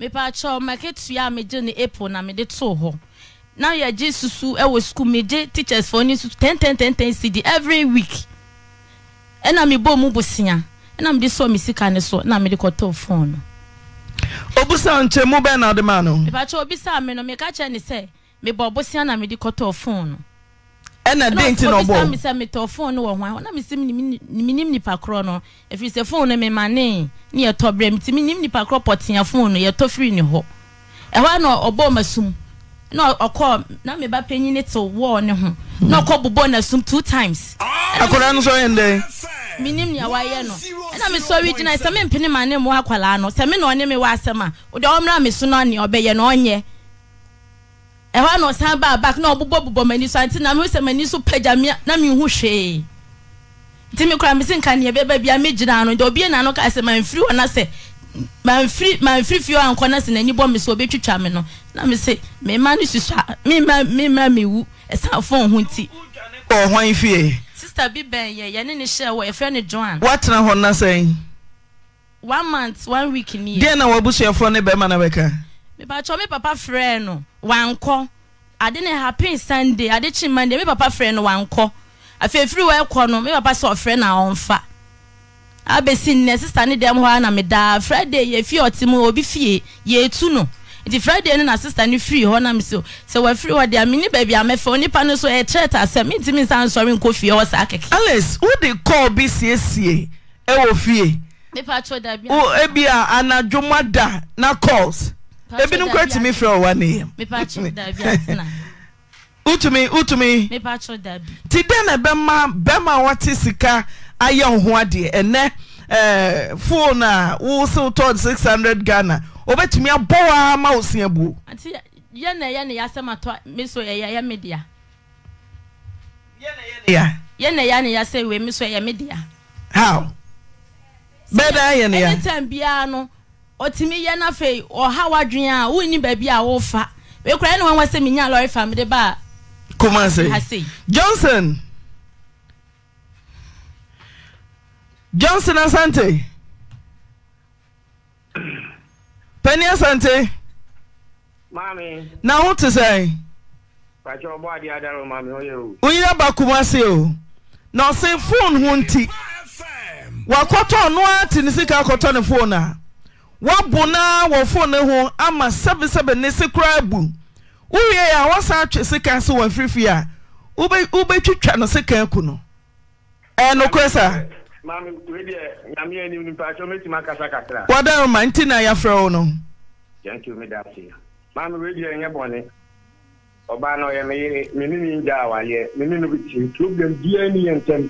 mepakyɛw maketua a megye ne apple na mede too hɔ na yɛgye e susu wɔ sukuu megye teachers for ne susu ten ten ten ten cd every week ɛna e mebɔ mu bosia ɛna e mede sɔ me sika ne so na mede kɔtɔɔ phone no obisa nkyɛn mu bɛn na ɔde maa no mepakyɛw obisa me no meka kyerɛ ne sɛ mebɔ bosia na mede kɔtɔɔ fon. no ɛna den ti na ɔbɔ o. misa mitɔ fone wɔ ho a na misi minim nipa korɔ no efiri sɛ fone mi ma ne ne yɛ tɔ brɛ mi ti minim nipa korɔ pɔtenya fone yɛ tɔ firi ne hɔ ɛhɔ na ɔbɔ ma sum na ɔkɔ na mi ba panyin ne te wɔɔ ne ho na ɔkɔ bobɔ na sum two times. akɔla no sɔ yɛn dɛ. minim nea wayɛ no ɛna mi sɔ wi gyina sɛ mi mpini ma ne mu akɔla no sɛ mi na ɔne mi wɔ asɛm a ɔde ɔmra mi so na ɔne ɔbɛyɛ na ɔnyɛ ɛhɔ na ɔsan baa back na ɔbobɔ bobɔ m'ani so ante na mesɛ m'ani so pagya me na menhu hwee nti me kora mese nka neɛ bɛba bia mɛgyina ano deɛ ɔbie na no ka sɛ mamfiri hɔ na sɛ mamfiri mamfiri fie hɔ ankɔ na sɛ n'ani bɔ me sɛ ɔbɛtwitwa me no na mese mema no susu a mema mema mewu ɛsan fon ho nti ɔhwan fie sister bi bɛn yɛ yɛne ne hyɛ wɔ yɛfrɛ ne joan woatena hɔ na one month one week ni yɛ deɛ na wabusuafoɔ ne bɛrima na bɛka mipatwa mi papa frɛ no wankɔ ade ne happen sunday ade kyi monday mi papa frɛ no wankɔ afei firi wɔ ɛkɔ no mi papa sɛ ɔfrɛ na ɔnfa abesi nnɛ sista ne dɛm hɔ a na mi daa friday yɛ fi ɔte mu obi fie yɛ etu no nti friday no na sista ne firi hɔ na mi so sɛ wɔafiri hɔ deɛ mini baabi a mɛfɛ onipa no so ɛkyerɛ ta sɛ mi ntumi nsa nsɔre nkɔ fie hɔ saa kɛkɛ. alice wode kɔɔ bi siesie ɛwɔ fie. nipa atwa dabi. wo ebi a anadwo da na calls. Ebi ebinom kora tumi frɛ ɔwa ne yɛm wotumi wotumi nti dɛn na bɛma bɛma wɔte sika ayɛ wo ho adeɛ ɛnɛ ɛɛ phone a wosow tɔɔd six hundred ghana obɛtumi abɔ wa ama wo sia buo. yɛn na yɛn na yasɛm atɔ mi so ɛyɛ yɛ mi dea. yɛn na yɛn na yasɛ ewe mi so ɛyɛ mi dea. how bɛɛ da yɛn na yɛn. anytime biara no ɔtumi yɛ na afei ɔha wadwen a wonni baabi a wofa wekura ɛne wɔn sɛ menya lɔre fa mede ba a kumase johnson johnson asante pani asante maame na ho te sɛn pàṣẹ ọbọ adi adarọ maame ọyẹ o. wúnyẹrẹ bá kumase o na ọsẹ fóònù ho nti wakɔtɔ ɔno ara te ne sika akɔtɔ ne fóònù a. woabo noa wɔfo ne ho ama sɛbesɛbe ne se koraa bu wowie a wosa atwe seka se wɔ firifie a wobɛtwitwa no seka aku no ɛnokorɛ sa eh, wɔda roma nti na yɛafrɛ wo no ọbaa náà ọyẹ mẹyẹ mẹni ni gya awayeɛ mẹni ni bi ti problem biara ni yɛ ntɛm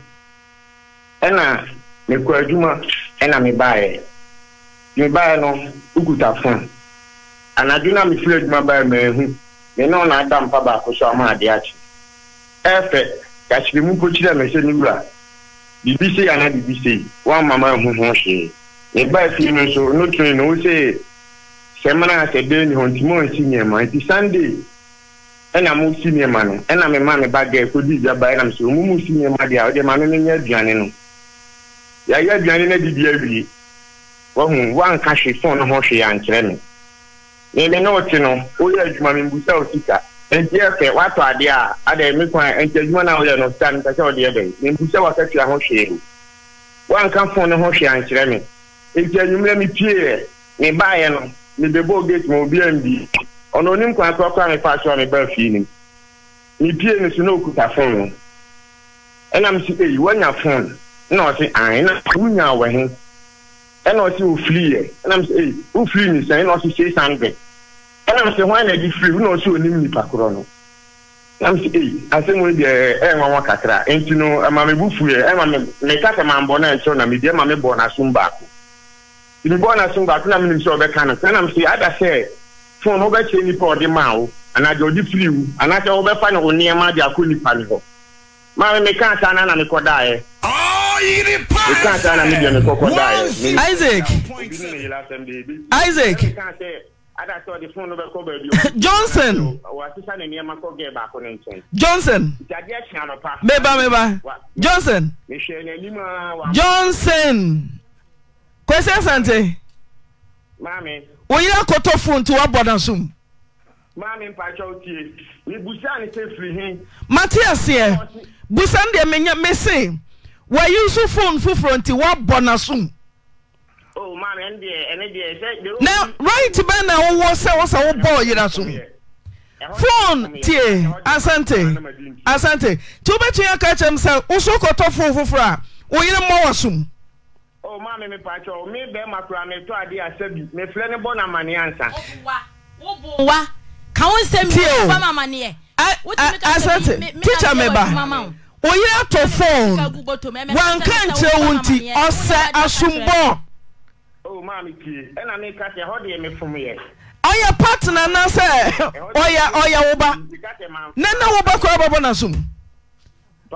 ɛna mekɔ adwuma ɛna me baeɛ mebaeɛ no wokuta fon anadwo na mefiri adwuma baeɛ maahu me ne ɔna ada mpa baako so ama adeɛ akye ɛfɛ kakyere mu mpokyiri a mɛsɛ ne wura biribi sei ana biribi sei woamma ma ahu ho hwee mebae fie no nso no tone e e e no wo sɛ sɛ mana sɛ dɛn ni hɔ nti mo nsi nneɛma nti sunday ɛna mo si nneɛma no ɛna me ma me ba gɛ kodi gya ba ɛna mo sɛ ɔmo mo si nneɛma deɛ a ɔde ma no ne nyɛ aduane no yɛayɛ aduane no adidi awie wahu wanka hwe fon no ho hwee ankyerɛ me meme ne wote no woyɛ adwuma membusa wo sika nti ɛsɛ woatɔ adeɛ a ada me kwan nti adwuma no a woyɛ no sa mepɛ sɛ wodeɛ bɛn membusa wakatua ho hwee o wanka fon no ho gate ma bi a na fon fon ɛna ɔsi ofiri yɛ ɛna mi sɛ ee ofiri ni sɛn ɛna ɔsi se hundred ɛna mi sɛ wɔn ɛna ɛdi firi ɛna ɔsi onim nipa korɔ no ɛna mi sɛ ee asɛm wo deɛ eh, ɛyɛ nwanwa kakra nti no ɛma eh, mi bu fu yɛ ɛma mi mi kasa ma bɔ naa nkyɛn na mi di ɛma eh, mi bɔ n'asom baako mi bɔ n'asom baako na mi nim sɛ ɔbɛka no ɛna mi sɛ ada sɛ fone ɔbɛkyɛ nipa ɔde maa wo anaasɛ ɔde firi wo anaasɛ ɔbɛfa ne ho nneɛma de akɔ nipa ne hɔ maa mi mi kaa saa na na mi kɔ daa yɛ isaac isaac johnson johnson meba meba johnson johnson kwesi asante oyina koto fone ti wa bɔ na so mu. maame mpatsɔ tie mi busa ni wɔyi nso phone foforɔ nti wɔabɔ n'asom. o oh, maame ɛn deɛ ɛn deɛ sɛ. na right bɛn na wowɔ sɛ wɔsɛ wobɔ ɔyera so phone tie asante asante tí wobɛtumi aka kyerɛ m sɛ woso kɔtɔ phone foforɔ a woyere mmɔ wɔ som. o oh, maame mi pàtó mi bɛrima kura mi tó adi asɛ bi mi filɛ ni bɔ na mani ansa. wo bo wa kawo nsɛm bi wo bɔ ma mani yɛ. asante teacher mi ba. oyere ato fon wanka nche wo nti ɔsɛ asombɔ ɔyɛ partna na sɛ ɔyɛ wo ba na na wo ba koraa bɛbɔ nne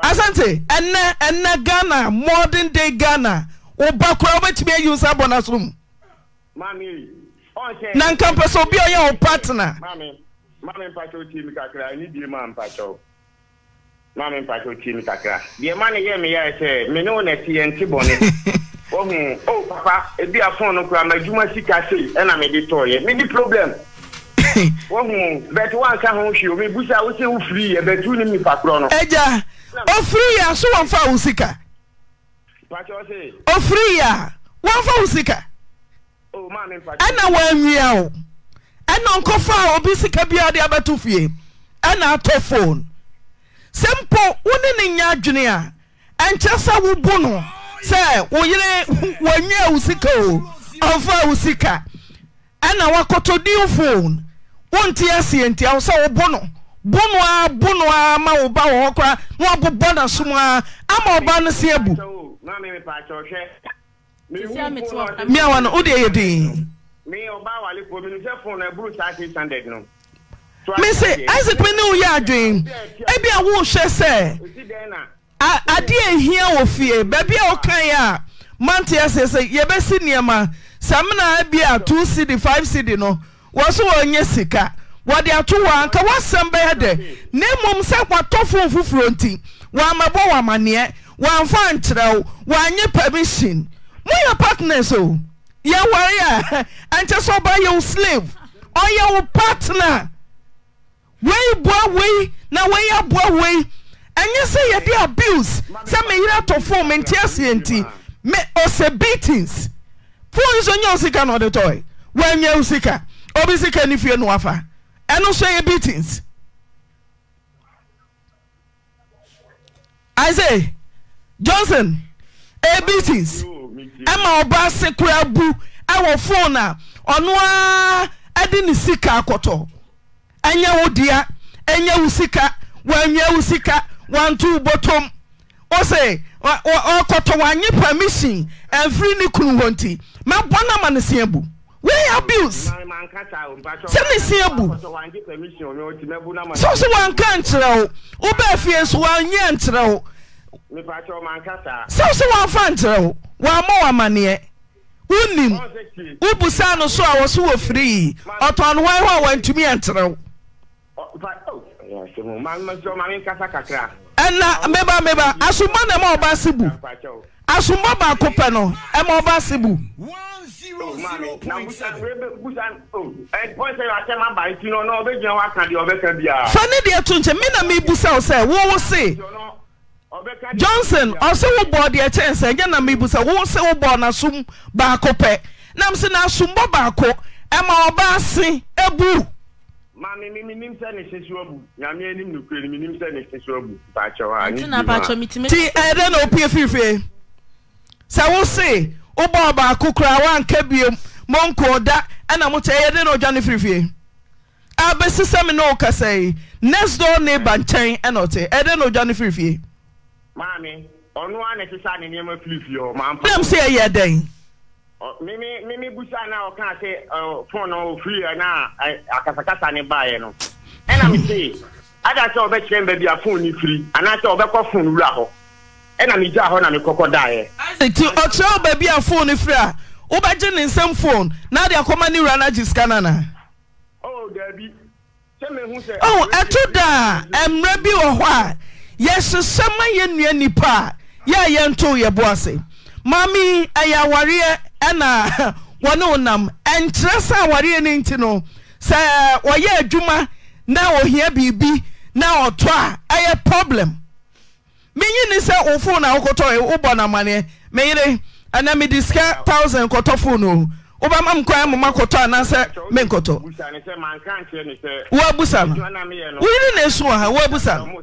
asante ɛnɛ ɛnɛ ghana modern day ghana oh, wo ba koraa wobɛtumi ayi nsa bɔ n'asom na nka mpɛ sɛ obi a ɔyɛ partner na me mpakyɛ otie mi kakra deɛ ma ne yɛ me yɛ sɛ me ne wo na ɛte yɛ nte bɔne ohu o oh, papa ebi afɔn no kura ma adwuma sika sei ɛna me de tɔɔyɛ me di problem ohu bɛti wanka ho hwi omi busa wo sɛ wo firi yɛ bɛtu ne nipa korɔ no. ɛgya ofiri yɛ so wɔn fa wo sika. mpakyɛ ɔse. ofiri yɛ wɔn fa wo sika. o oh, maa mi mpakyɛ. ɛna wɔn anwia o ɛna nkɔfa obi sika bi a ɔde abɛto fie ɛna atɔ fone. sɛ mpo wo ne ne nya adwene a ɛnkyɛ sɛ wobu no sɛ wo yere wanwaa wo sika o ɔmfaa wo sika ɛna nti awo sɛ no no a no a ma wo ba wɔ hɔ na woabobɔ n'asom a ama ɔba no se abu mese asi kumi ne wo yɛ adwen ebia worehwɛ sɛ adeɛ hia wɔ fie baabi a wokaeɛ a manteaseɛ sɛ yɛbɛsi nneɔma samina bi a 2 cdy 5 cdy no wɔ sɛ wɔnyɛ sika wɔde atowo anka wosɛm bɛyɛ dɛ na mmom sɛ watɔfo foforo nti wɔamabɔ w'amanneɛ wamfankyerɛwo wanyɛ parmission moyɛ partna so yɛware a ɛnkyɛ sɛ ɔba yɛwo slave ɔyɛwo partnar wɔi boa we i na wɔi aboa wei ɛnyɛ sɛ yɛde abuse sɛ meyerɛ tɔ fo menti aseɛ nti me ɔsɛ beatins foi so ya e e wo e sika ndɔ a ka b skanfenof no syɛ batns s johnson beatns ma ɔba se kora bu wɔ fon a ɔno aa de ne sika kɔtɔ ɛnyɛ wo dea ɛnya wo sika wanwa wo sika wantowo botɔm ɔs ɔkɔtɔ w'anye pamisson mfiri ne ku hɔ nti mabɔ noma ne seabuabs sɛne sa bu sɛ so wanka nkyerɛ wo wobɛa fie so wa nkyerɛ wo sɛ so woafa nkyerɛ wo wama wamanneɛ wonim wobu saa no so a wɔ so wɔ firii ɔtɔa no hɔ hɔ a wantumi ankyerɛ wo ɛna mbɛba mbɛba asumba na ɛma ɔba se bu asumba baako pɛ no ɛma ɔba se bu. fa ne deɛ to nkyɛn me na mi busa o sɛ wowo se johnson ɔsɛ wo bɔɔ deɛ kyɛn sɛ ɛnyɛ na mi busa wowo se wo bɔɔ na sum baako pɛ nam se na asumba baako ɛma ɔba se ebu maame mi mi nim sɛ ne sisi wabu nyame anim ne kure mi nim sɛ ne sisi wabu paakyɛw a ne ti ma ti ɛdɛ na opie firifie sɛ wose wobɔ ɔbaako koraa wanka biom monko ɔda ɛna mo kyɛ ɛyɛ dɛ na ɔdwa ne firifie abɛsi sɛ me ne yi next door neighbor nkyɛn ɛna ɔte ɛdɛ na ɔdwa ne firifie maame ɔno a ne sisa ne nneɛma firifie hɔ maampa dɛm sɛ ɛyɛ dɛn mimi mimi busa na ɔka sɛ fon no ofiri ɛ na akasakasa ne baeɛ no ɛna me se ada sɛ ɔbɛkyerɛ mbaabi a fon ne firi anaasɛ fon wura hɔ ɛna megyaa hɔ na mekɔkɔ daeɛ nti ɔkyerɛ wo baabi a fon no firi a wobɛgye ne nsɛm fon na ade akɔma ne wura no na. sika no bi, daabi sɛ mehu sɛ oh ɛto da a bi wɔ hɔ a yɛhyehyɛ ma yɛnnua nnipa a yɛ a yɛntow yɛbo ase maame ɛna wɔne wonam ɛnkyerɛ sɛ awareɛ no nti no sɛ ɔyɛ adwuma na ohia biribi na ɔtɔ a ɛyɛ problem menyine sɛ wo fo na wokɔtɔ wobɔ no amanneɛ meyere ɛna mede sika thousand kɔtɔ fo no wobɛma m moma kɔtɔ anaasɛ menkɔtɔ woabusa no woyere na ɛsu wɔ ha woabusa no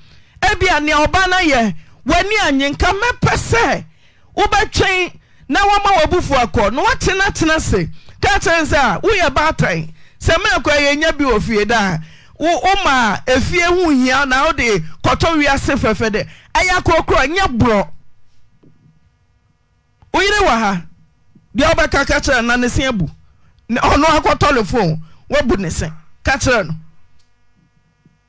ebia nea ɔba na yɛ w'ani anyenka mɛpɛ sɛ wobɛtwɛn na wama w'abufu akɔ na woatenatena se ka kyerɛ sɛ a woyɛ baatan sɛ meɛkɔ yɛnya bi wɔ fie daa woma efie ho hia na wode kɔtɔ wiase fɛfɛ dɛ ɛyɛ korɔkorɔ nyɛ borɔ woyere wɔ ha deɛ wobɛka ka na ne se abu ɔno akɔtɔ le fon woabu ne se ka kyerɛ no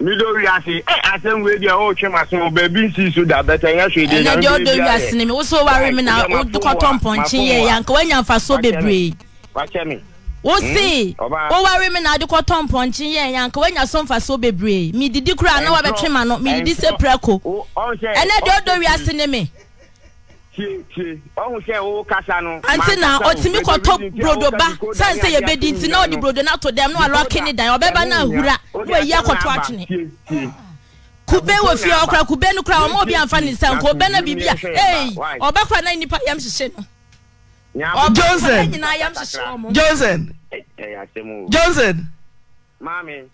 midori ase ɛ asɛm wei deɛ ɔretwe ma so baabi nsi so da bɛtɛ ɛnyɛ hwee deɛ ɛnyɛ deɛ ɔdɔ wi ase ne mi wosow wari mi na wodokɔtɔ mpɔnkye yɛ yanka wanya nfaso bebree wakyɛ mi wosi wowari mi na adekɔtɔ mpɔnkye yɛ yanka wanya so nfaso bebree mididi kura na wabɛtwe ma no mididi sɛ prɛko ɛnɛ deɛ ɔdɔ wi ase ne mi tie tie ɔhun sɛ o kasa no. anti na ɔtumi kɔtɔ brodo ba sani sɛ yɛ di nti na ɔdi brodo na to dɛm na ɔlɔ kini dan ɔbɛ ba na ahura na oyi akɔtɔ atwene. kube wɔ fie ɔkura kube no kura ɔmo obi anfa ne nsa nko ɔbɛ na biribi a ee kura na nipa yam hyehyɛ no. johnson johnson johnson. maami.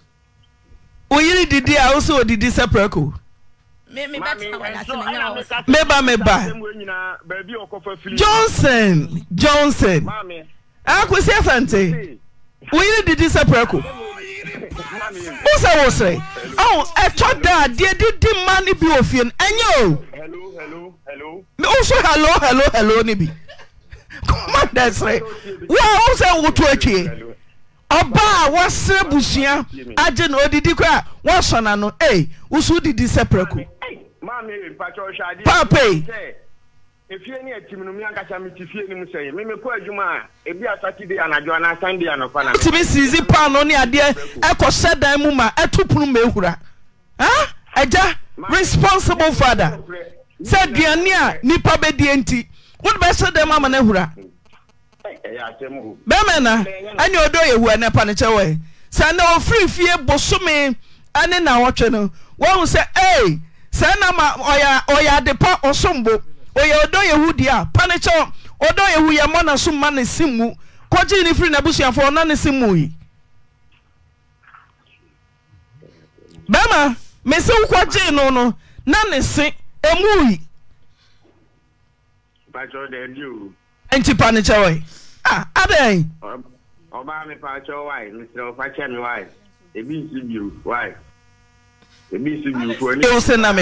oyiri didi a o so odidi sɛ prɛko meba eh, meba johnson johnson akwesi asante woyere didi sɛ prɛko wosɛ wo sɛ ɔw ɛtɔ da a deɛ didi ma ne bi wɔ fie no ɛnyɛ o woso hello hello hello ne bi kɔma dɛ serɛ wo a wo sɛ woto atwie ɔba a wɔserɛ busua agye no odidi koraa wɔsɔ na no ei woso didi sɛ prɛko maame ebakyɛ ɔhwɛ adeɛ. paapee. sɛ efie ni ɛtim no mi ankasa mi ti fie ni mu sɛn mímí kó adwuma a ebi asatide anadwo ana anɔfa na. ntumi sisi paano adeɛ ɛkɔ hyɛ dan mu ma ɛtu punu ma ehura ɛgya responsible father sɛ aduane a nipa bɛdie nti wọ́n bɛ hyɛ dan mu ama n'ehura. Eh, eh, bɛmɛ na eh, ɛnyɛ ɔdɔ yɛ hu ɛnɛ panikyɛ wɔ yi sɛ ɛnɛ ofiri fie na wɔtwe no wɔn sɛ ɛɛ. sɛ ma ɔyɛ ade pa ɔsombo ɔyɛ ɔdɔ yɛhu deɛ a pa ne kyɛ ɔdɔ yɛhu yɛ mmɔ naso mma ne se mu kɔgyee ne firi n'abusuafoɔ ɔna ne se mu yi bɛrima mese wo kɔgyee no no na ne se ɛmu yi nti pa ne kyɛ wɔe ah adɛn yi. me pa kyɛ wae mesrɛ wo fa kyɛ me wae ebi nsi bio wae wo sɛ na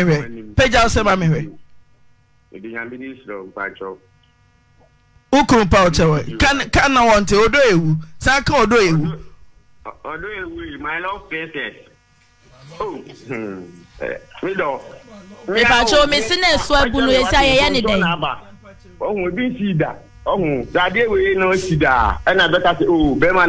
pagya wo sɛ ma mehwɛ wo wo ka na wɔnte ɔdɔ ɛwu saa ka ɔdɔ ɛwu oh mepatwo me se na ɛso abu no ɛsi ayɛyɛ ne dɛn ɔhu ebi wei na ɔsi da ɛna bɛka sɛ o bɛrima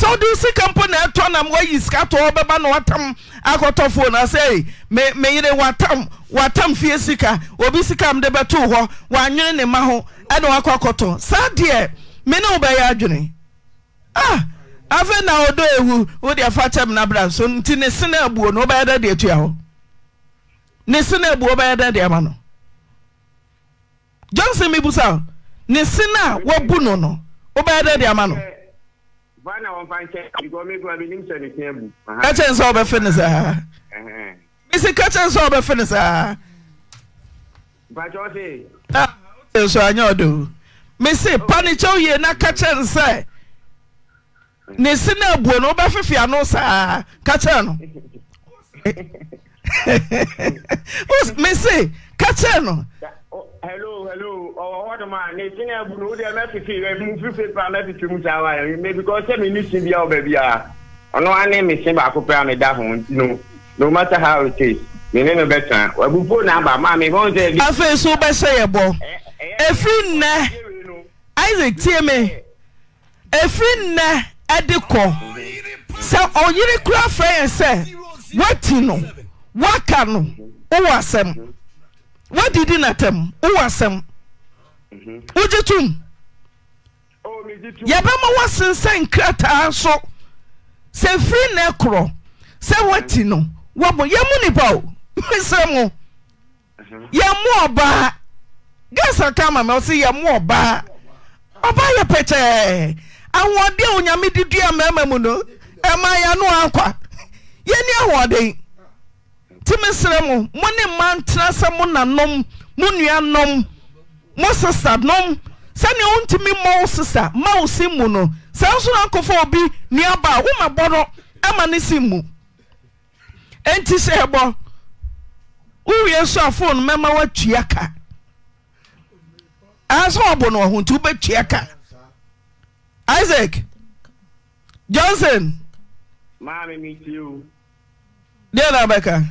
sɛ wode sika mpo na ɛtɔ nam woayi sika tɔ wɔbɛba na watam akɔtɔfoɔ na sɛ meyere watam watam fie sika obi sika mde bɛtoo hɔ wɔanwene ne ma ho ɛne wakɔ akɔtɔ saa deɛ me ne wo bɛyɛ adwene ah afei na ɔdɔ ewu wode afa kyɛm no bra so nti ne sene abuo no wobɛyɛ dɛ deɛ tua hɔ ne sene abuo wobɛyɛ dɛ deɛ ma no johnson mebusa ne sene a wabu no no wobɛyɛ dɛ deɛ ama no fa na wɔn fa nkyɛn because mi kura bi nim sɛ ne tiɛ bu. kakyɛ nsɛ ɔbɛfɛ ne saa bisi kakyɛ nsɛ ɔbɛfɛ ne saa. mpatsɔ ah, se. a o sɔ anya ɔdo misi panikyɛw yie na kakyɛ nsɛ ne si ebuo na ɔbɛfɛfɛ ano saa kakyɛ no misi kakyɛ no hello hello ọwọ hɔ dama ne sini ebunu o de mɛ fifi rɛ mu fifi pa mɛ fifi mu sa wa yɛ mɛ because sɛmi ni si bia o bɛ bia ɔno ani mi si baako pɛ ami da ho no matter how it is mi ne no bɛ tɛn ebupo na aba maa mi hɔn sɛ. afei so bɛsɛ yɛ bɔ efiri nnɛ isaac tie mi efiri nnɛ ɛde kɔ sɛ ɔyiri kura fɛ yɛ sɛ wati no waka no ɔwɔ asɛm. wadidi natam wowɔ asɛm wogye mhm. tom oh, yɛbɛma woasensɛ nkrataa so sɛ firi ne korɔ mhm. sɛ woati no woabɔ yɛmu nnipa o mesɛ mu mhm. yɛmo ɔbaa gasa ka ma me wo sɛ yɛmo ɔbaa ɔbaa yɛ pɛkyɛɛ ahoɔden a onyame mu no ɛma yɛ no ankwa yɛni ahoɔden ntimi serɛ mo mo ne mma ntena sɛ mo nanom mo nnuanom mo sesa nom sɛnea wontumi mmɔ wo sesa ma wo si mu no saa nso na nkɔfa obi nnuaba a womabɔ no ama ne si mu enti sɛ ɛbɔ wowie so afoo no mɛma woatua ka a sɛ wɔbɔ no ɔho nti wobɛtua ka isaac johnson deɛ na bɛka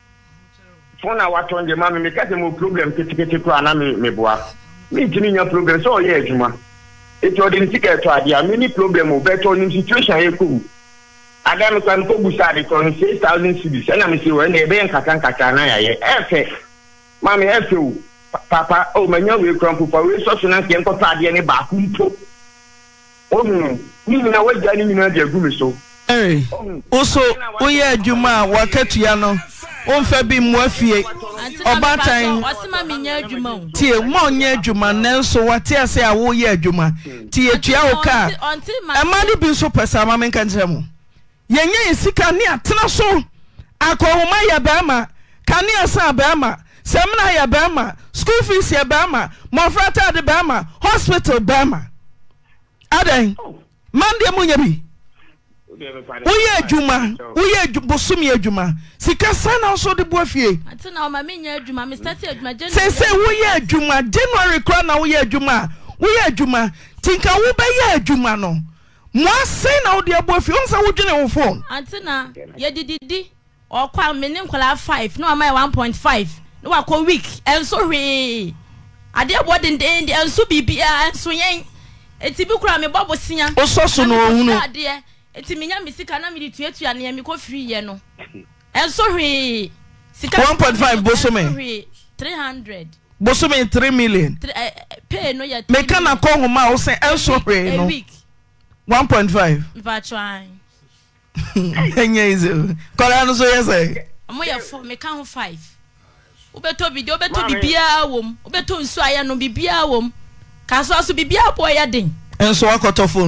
fɔ na watɔ n jɛ mi mi o problem ketekete kura ana mi mi bɔ a mi ti ni nya problem a mi ni problem o bɛ tɔ ni situation yɛ kowu ada mi kura ko busa adi tɔ ni six thousand cedis ɛna e mi se wɔ ɛna ɛbɛ yɛ nkata nkata ana e mi e o papa o ma nya wei kura pupa wei na o nu mm, ni nyina wagya nyina nso woyɛ adwuma a wakatua no womfa bi mmoa fie ɔbaatan tie ma ɔnyɛ adwuma nanso wate ase a woyɛ adwuma nti yɛtua wo kaa ɛma no bi nso pɛ sɛ ama menka nkyerɛ mu yɛnyɛ yɛ sika ne atena so akɔhoma yɛ bɛrima kanea san bɛrima sɛmina yɛ bɛrima school fees yɛ bɛrima mmɔfra taade bɛrima hospital bɛrima adan mandeɛ mu nyɛ bi woyɛ adwuma woyɛ bosom yɛ adwuma sika sa na nso de boa fie sɛsɛ woyɛ adwuma january kora na woyɛ adwuma a woyɛ adwuma nti nka wobɛyɛ adwuma no mmoa sɛn na de aboa fie wonsɛ wodwene wo phone antena yɛdididi ɔkɔ a mene nkwadaa five na wama yɛ one point five na wakɔ week ɛnso hwee adeɛ bɔ dendenden ɛnso biribiara ɛnso yɛn eti bi kura mi bɔ bosia. o sɔ so na ohunu nti menya me sika na mede tuatua neɛ mekɔ firi yɛ no ɛnso hwee sika 1.5 Three hundred. bosome three million pay no yɛ meka na kɔ homa a wo sɛ ɛnso hwee no 1.5 mpatwa ɛnyɛ iso kɔraa no so yɛ sɛ ɔmo yɛ fɔ meka ho 5 wobɛtɔ bi deɛ wobɛtɔ biribiaa wɔ m wobɛtɔ nsu ayɛ no biribiaa wɔ m kasoa so biribiaa bɔ yɛ den ɛnso wakɔtɔ fo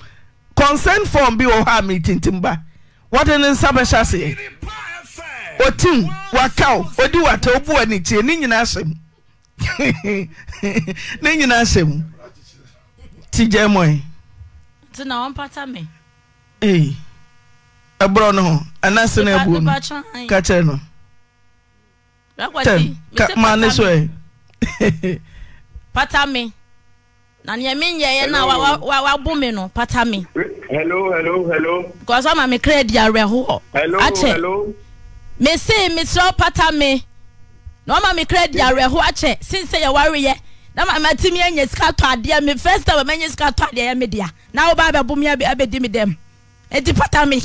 consent form bi wɔ hɔ a metintim ba wɔde ne nsa bɛhyɛ seɛ otim wakaw odi wata obu wa nikyie ne nyinaa hyɛ mu ne nyinaa hyɛ mu ti na ɔmpata me ee ɛborɔ no ho anaase no abuo no ka no tɛm ka maa ne so ɛ pata me na no pata hello hello hello. nkɔsɔ maame kura di awerɛ ho. hello akyɛ. hello. mese mesrɛ oh, pata me na ɔma me kra di awerɛho akyɛ sen sɛ yɛwareyɛ na matimi anya sika tɔ adeɛ me first time manya sika tɔ adeɛ yɛ me dea na woba bɛbo me abɛdi me dɛm enti pata me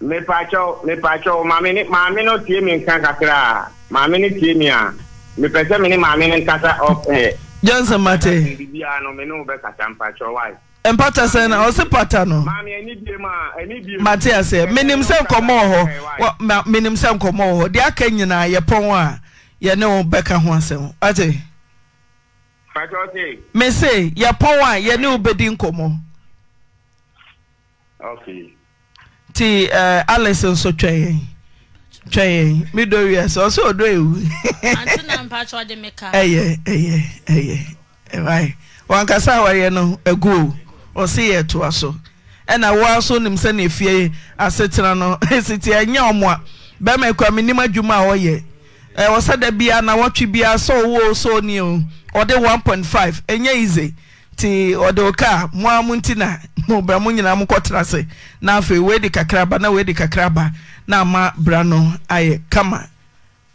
mepakyɛw mepakyɛw maame no tie me nka kakra a maame no tie me a mepɛ sɛ me ne maame no nkasa oh, eh. johnson mate biribiaa no me ne wobɛkasa mpakyɛw wise mpata sɛ na ɔse pata no mateasɛ menim sɛ nkɔmmɔɔ hɔ menim sɛ nkɔmmɔɔ hɔ deɛ aka nyinaa yɛpɔn a yɛne wo bɛka ho asɛm ate me se yɛpɔn a yɛne wo bɛdi nkɔmmɔ nti eh, alice nso twɛ yɛn twɛ yɛn sɛ ewu ɛyɛ ɛyɛ ɛyɛ wankasa ɔsɛ yɛ ɛtoa so ɛna woa so nim sɛne fie asetena no ɛsiti ɛnyɛ ɔmo a bɛma ɛkua menim adwuma a ɔyɛ ɛwɔ sɛ da na wɔtwe bia sɛ ɔwoo so ni o ɔde 1.5 enye ize nti ɔde okaa mo a mo nti na mobra nyinaa mo kɔtena se na afei weidi kakraba na weidi kakraba na ama bra no ayɛ kama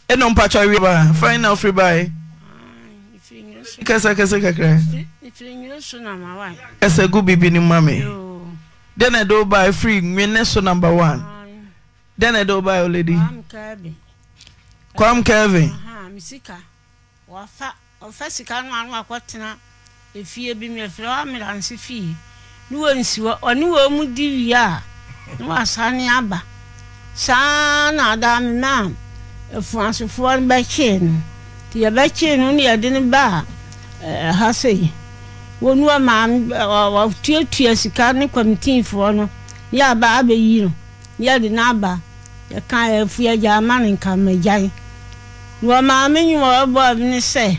ɛnɔ mpatwa wiɛ ba final free bye kɛsɛkɛsɛ kakra ɛsɛ gu bibi no ma me dɛn na ɛde wo baa ɛfiri nwene so number one dɛn na ɛde wo baa ɔlɛdi kwam kelvin ɔfa sika no ano akɔtena efie bi mu efirɛ wa mmeranse fie ne wɔ nsi hɔ ɔne wɔ mu di wie a ne wasane aba saa na ada me na afuasefoɔ no bɛkyee no nti yɛbɛkyee no ne yɛde no baa ɛha sɛ yi wɔnu ɔmaame ɔtuatua sika ne kɔmitinfoɔ no yɛ aba abɛyi no yɛde n'aba yɛka ɛfu yɛgya ama ne nkamagyae wɔmaame nyuma ɔbɔ ɔbi ne sɛ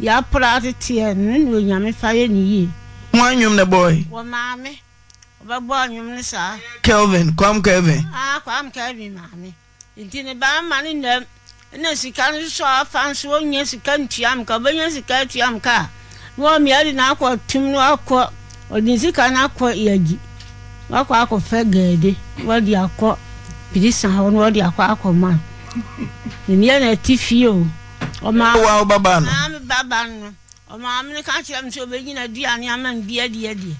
yɛapra ateteɛ no ne onyame fa yɛ ne yie mo anwom ne bɔɔe wɔmaame ɔbɛbɔ anwom ne saa kelvin kwam kelvin ah kwam kelvin maame nti ne baama ne nam na sika no afa nso ɔnya sika ntua mka ɔbɛnya sika atua mka a wọn mmea de n'akɔ tum no akɔ ɔde sika n'akɔ yagyi wakɔ akɔfɛ gɛɛde wɔde akɔ pirisa hɔ no wɔde akɔ akɔma mmea na ɛte fie o ɔmaa wo baba no maa mi baba no ɔmaa mi ka kyerɛ mi sɛ ɔbɛgyina duane ama mi bi adi adi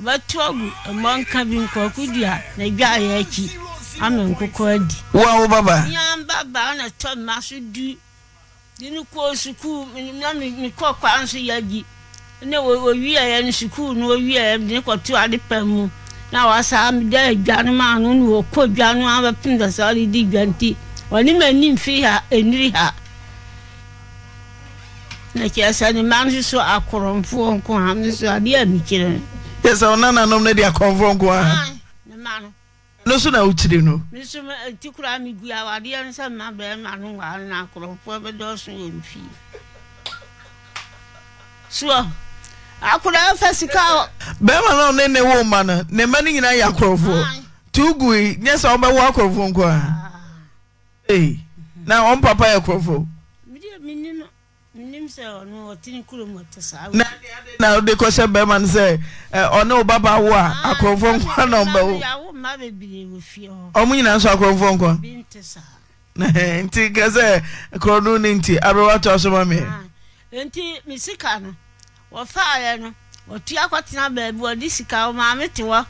ɔbɛto agu mmɔnka bi nkɔɔko dua na edwa ayɛ akyi ama nkokɔ adi. wo a baba. mmea baba na tɔ mma so du de ne kɔ sukuu na ne kɔ kwan so yagyi ne owieɛ no sukuu no owieɛ de ne kɔto ade pɛ mu na wasaa me dɛ adwa no ma ano no wɔkɔ dwa no abɛpem sɛ saa ɔde di dwa nti ɔne ma ani mfi ha ɛniri ha na kyerɛ sɛ ne ma no so so akorɔmfoɔ nko ha no so adeɛ a mekyerɛ yɛ sɛ ɔnananom no de akɔmfoɔ nko ha ne ma no no so na wokyiri no meso ti koraa megu awadeɛ no sɛ mma bɛɛma no waa no na akorɔmfoɔ bɛdɔɔso wɔ mfie soɔ akwụrụ efe sika. bɛrima náà ne ne wo ma na ne mma no nyinaa yɛ akorɔfoɔ tu gui nyɛ sɛ ɔbɛwo akorɔfoɔ nko a ah. ee na ɔn papa ya akorɔfoɔ. na na ɔde kɔhyɛ bɛrima no ọ ɔne wo baba wo a ah, akorɔfoɔ nko a na ɔbɛwo ɔmo nyinaa nso akorɔfoɔ nko a nti kɛ sɛ korɔ nti ah, nti no wɔfaeɛ no wɔtu akɔtena baabi wɔde sika wɔ maame te hɔ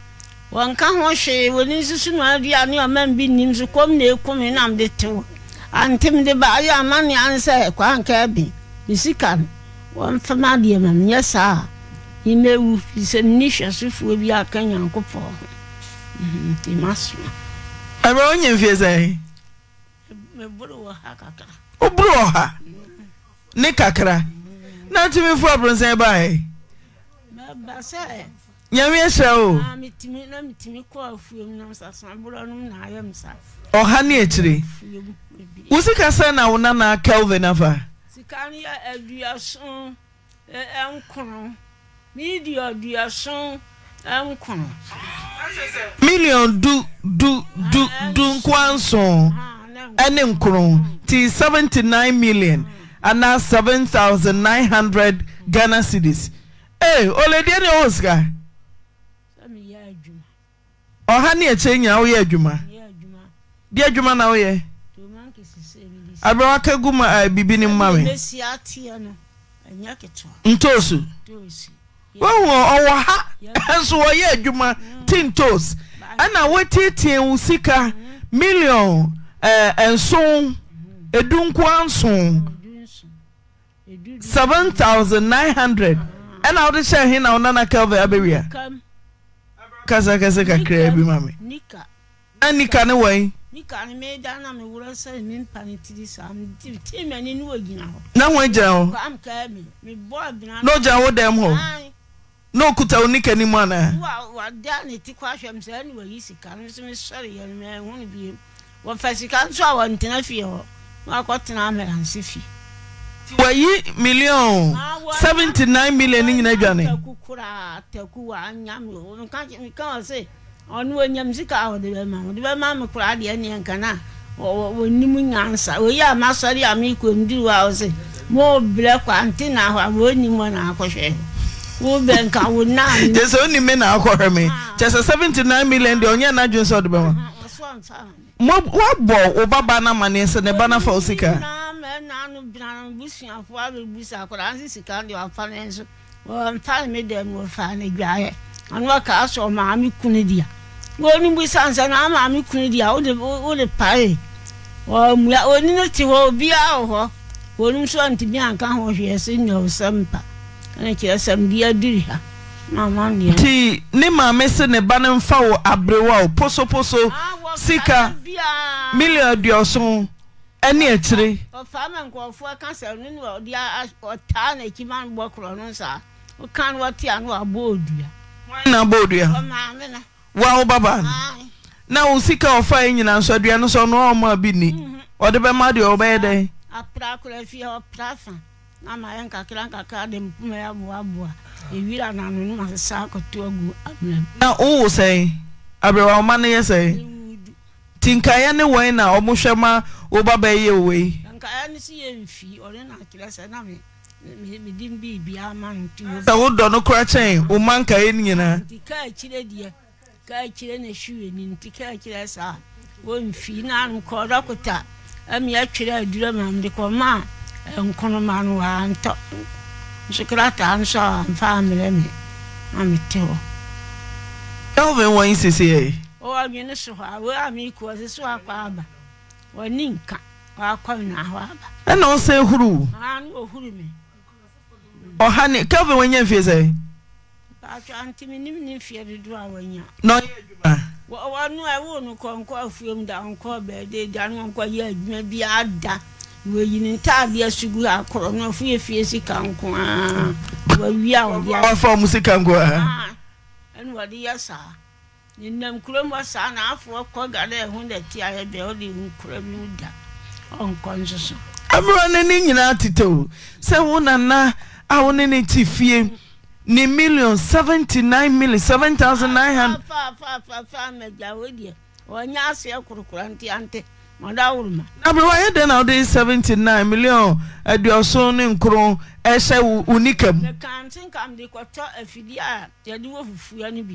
wɔnka ho hwee wɔni nsusu no aduane ɔman bi nnim so kɔm na ɛkum nam de te hɔ antem de baayɛ amanea ne sɛ kwanka bi me sika no wɔmfam adeɛ ma menyɛ saa a yemɛwu firi sɛ menni hwɛsofoɔ bi aka nyankopɔn mhm, nti masoma ɛberɛ wonya mfie sɛ meboro wɔ ha kakra woboro wɔ ha mhm. ne kakra mm -hmm. na tumi fo aburonsan bae. nyame ahyɛ o. ɔha ne akyire wo sika sɛ na wo nana kelvin afa sika no yɛ eh, aduason eh, eh, nkono million aduason nkono million du du du ah, du nkoa nson ɛne ah, nkono ti seventy nine million. Uh -huh. anaa hundred ghana cities e olediɛ ne ɛwɔ sika ɔha ne akyɛ nyina woyɛ adwuma deɛ adwuma na woyɛ aberɛ waka gu ma bibi no mma me ntoos wohu ɔwɔ ha nso wɔyɛ adwuma mm. ti ntoos ɛna wotiatia wo sika mm. million eh, nson ɛdu mm-hmm. nkoa nson mm. 7900 na wode hyɛ hena onana kelve abewia kasɛkasɛ kakra bimme nanika ne wn ho gyian ɔgyia wodɛmh na ɔkuta o nika ni mu ana wayi million seventy nine million ni nyina dwane. ɔno onyam sika a wɔde bɛma wɔde bɛma me koraa deɛ neɛ nkana wɔnim nyansa oyi a masɔre a mekɔnduru a wo se mobrɛ kwa nte na hɔ a wɔnim wɔ na akɔhwɛ wobɛ nka wo nam kyɛ sɛ wonim me na akɔhwɛ me kyɛ sɛ 79 million deɛ ɔnyɛ n'adwene sɛ ɔde bɛma woabɔ wo baba no amaneɛ sɛ ne ba no fa wo sika n'anu gyina busuafoɔ abɛbusa akwadaa nso sika deɛ wafa ne nso wɔmfa me dɛm wɔfa ne dwaeɛ ɔno ɔkaa sɛ ɔmaame kunu dia wɔni busa nsɛ na amaame kunu dia wode wode pae ɔmua oni no te hɔ obiara wɔ hɔ wɔnum nso ntumi anka ho hwɛ sɛ nya ɔsɛm pa ɛna kyerɛ sɛm bi adiri ha nti ne maame se ne ba no mfa wo aberewa o posoposo ah, sika milion aduɔson ɛne akyire. ɔfa ma nkɔfoɔ kasa no ne ɔde ɔtaa n'akyi ma bɔ korɔ no nsa woka no wɔte a odua. wɔn na bɔ odua. ɔmaame na. baba no. na wo sika ɔfa yi nyinaa nso adua no so ɔno ɔma bi ni mhm. ɔde bɛma deɛ ɔbɛyɛ dɛn. apra akora fie ɔpra fa na ma yɛ nkakra nkakra de mpoma yɛ aboaboa ewira na ano no ma sisa akɔto agu amena na wo wò sɛn abirawa ɔma no yɛ sɛn ti nkaeɛ ne wɔn na ɔmo hwɛ ma wo ba bɛyɛ wei. nkaeɛ no si yɛ nfi ɔne na akyerɛ sɛ na mi mi di bi bi ama no ti wo. sɛ wo dɔ no kora kyɛn wo ma nkaeɛ no nyinaa. nti kaa akyire deɛ kaa akyire na ehwi wɔ ni nti kaa akyire sa, wɔn nfi na nkɔɔdɔ kuta ɛmi atwerɛ adura ma ndi kɔ ma eh, nkonoma no wa ntɔ nsukurata nso a nfa amere mi na te hɔ. kelvin wɔn sisi yɛ ɔwɔdwene so hɔ a wɔami ku ɔse so akɔ aba ɔne nka wakɔ na ahɔ aba ɛna wo sɛ huru ne ɔhuru me ɔha ne kelvin wanya mfie sɛ ntiminim ne mfie dodoɔ a wanya na ɔyɛ adwuma wɔno a ɛwo no kɔnkɔ afuom da nkɔ bɛɛde da no nkɔ yɛ adwuma biaa da wɔyini ntaadeɛ so gu akorɔ no ɔfo sika nko a wawie a wɔde ɔfa mu nko a ɛne wɔde yɛ saa nenam kurom hɔ saa na afoɔ kɔ gada ɛho na ti ayɛ deɛ ɔde hu kurom no da ɔnkɔ nsoso aburo ne ne nyinaa tetɛ o sɛ wo nana a wo ne ne te fie ne million seventy nine million seven thousand nine hundred. fa fa fa fa mɛgba o deɛ ɔnyɛ aseɛ kurukura nti ante mɔda awuru ma. aburo ayɛ dɛ na ɔde seventy nine million aduoson ne nkron ɛhyɛ wo mu. mekan nti nkam de kɔtɔ afidie a yɛde wɔ fufuo no bi.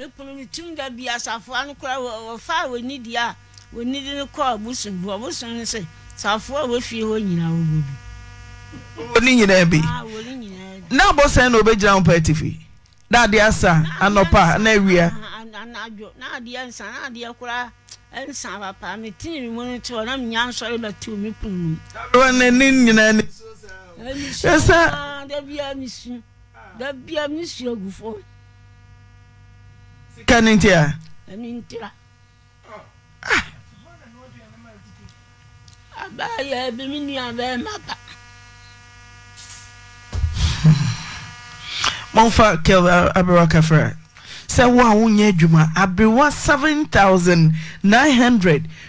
me kunu ne tum da bi asafo ano kora wɔfa a wɔni di a wɔni di no kɔɔ bosom bi ɔbosom no sɛ safo a wɔfie hɔ nyinaa wɔbɔ bi. wɔni nyinaa bi na abɔsɛn na obɛgyina ho pɛɛ tifi daade asa anɔpa na awia. anadwo na adeɛ nsa na adeɛ koraa nsa papa me tin mu no te hɔ na menya nsɔre bɛtew me kunu mu. awo n'ani nyinaa ni. ɛsɛ dabi a mi dabi a mi agu fo kane nti a ah. abaayɛ bi me nua bɛɛma hmm. ba momfa kel aberewa kafra sɛ wo a wonyɛ adwuma aberewa 7900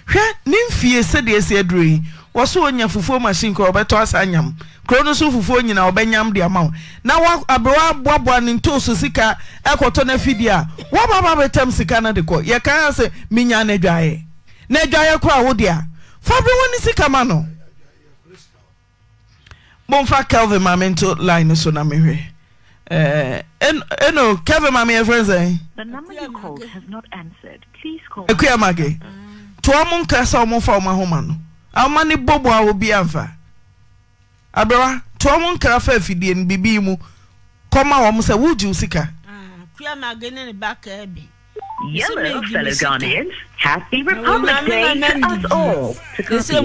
hwɛ ne mfie sɛdeɛ si aduro yi wɔ so wɔnya fufuo machine kɔ wɔbɛtɔ asa nyam kuro no so fufuo nyina wɔbɛnyam de ama wo na aberɛwa aboaboa ne ntooso sika ɛkɔtɔ no afidi a wobaba bɛtam sika no de kɔ yɛkaa sɛ menya no adwaeɛ na adwaeɛ koraa wode a fa berɛ wo ne sika ma no momfa kelvin ma me nto line so na mehwɛ ɛno eh, kelvin ma meyɛfrɛ sɛ akua mage toa mo nka sɛ ɔmofa wo ma ho ma no awoma abewa tọ́ mu nkira fẹ́ fidie ni bibi mu kọ́má wọ́n sẹ́ wújì wù sika. kúrẹ́ màá gé ní bá kẹ́ bi. Hello, fellow Ghanaians. Happy Republic Day to us all. To go star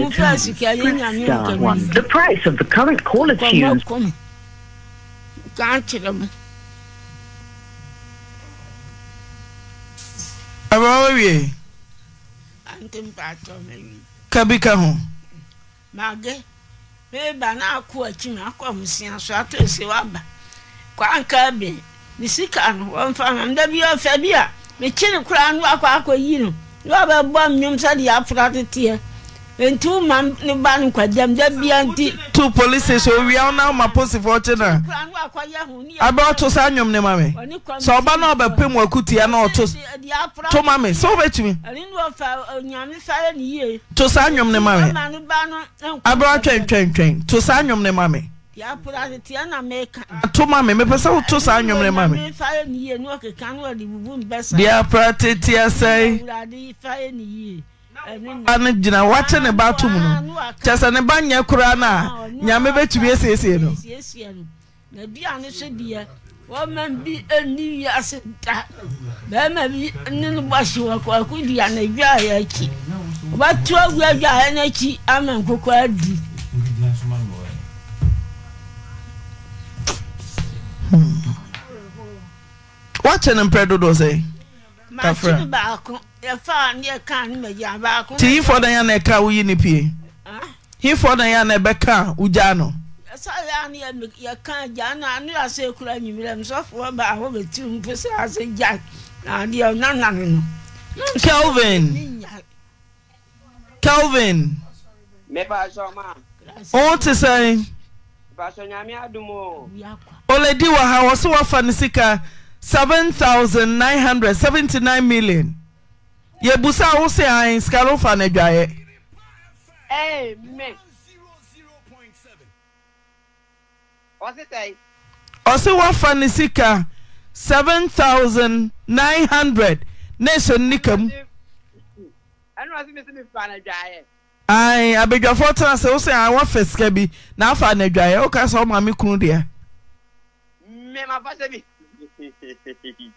one. The price of the current call is caller tunes. Abawo wie. Kabi ka ho. Mage eba na akụ akyim akọ musia so atọ esi waba kwanka bi ne sika no wɔmfa ma mda bi ɔfa bi a mekye ne koraa no akɔ akɔyi no na ɔbɛbɔ nnwom sɛdeɛ afora teteɛ ɛnti wo ma no ba no nkadɛm da bia nti to polisysɛ owia ona oma posifoɔ ɔkye noa abewa to saa awomne ma me sɛ ɔba na obɛpem waaku tia ntomame sɛ wobɛtumi tosa wone mame abewa twɛtwɛntwɛn to saa awone ma me tomame mepɛ sɛ wo tosaa womnema medeapra teteasɛe ne gyina wakyɛ ne ba to mu no kyɛ sɛ ne ba nyɛ koraa no a nyame bɛtumi asiesie no aduane so deɛ wɔma bi ani wiase da bɛrima bi ne no bɔhye wɔkɔko duane adwaayɛ akyi wɔbɛto agu adwaayɛ no akyi ama nkokɔ adi hmm. wakyɛ ne mprɛ dodoɔ sɛ kafra baako yɛfa neɛ ka ne na ɛka woyi ne pie hifoɔ dan yɛ na ɛbɛka wogyaa no ɛsɛyɛ ne yɛka gya no ano asɛ kura anwummerɛ m sɔfoɔ baahɔ bɛtim mpo sɛ asɛ gya adeɛ ɔnanane no kelvin million yɛbusa wo se a sika no fa no adwaeɛ ɔse woafa ne sika 7900 ne ɛhyɛ no nika mu tena sɛ wo se a woafa sika bi na afa no adwaeɛ woka sɛ woma me kunu deɛ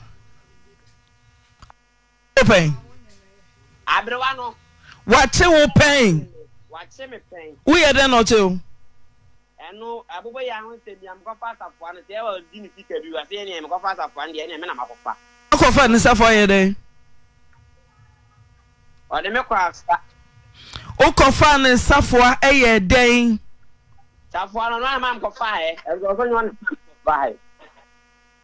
wo pɛn. aberewa no. wakye wo pɛn. wakye mi pɛn. wuyɛ dɛ na o. ɛnu abubakar yi ahun sɛ biam kɔfa asafoa no sɛ ɛwɔ di ni sika bi wa sɛ ɛni ɛmi kɔfa asafoa no deɛ ɛni ɛmi na ma kɔfa. akɔfa ne safo ayɛ dɛ. ɔde mi kɔ asa. wokɔfa ne safoa ɛyɛ dɛn. safoa no ɔno ama nkɔfa yɛ ɛdɔkɔ nyɛ ɔno ama nkɔfa yɛ.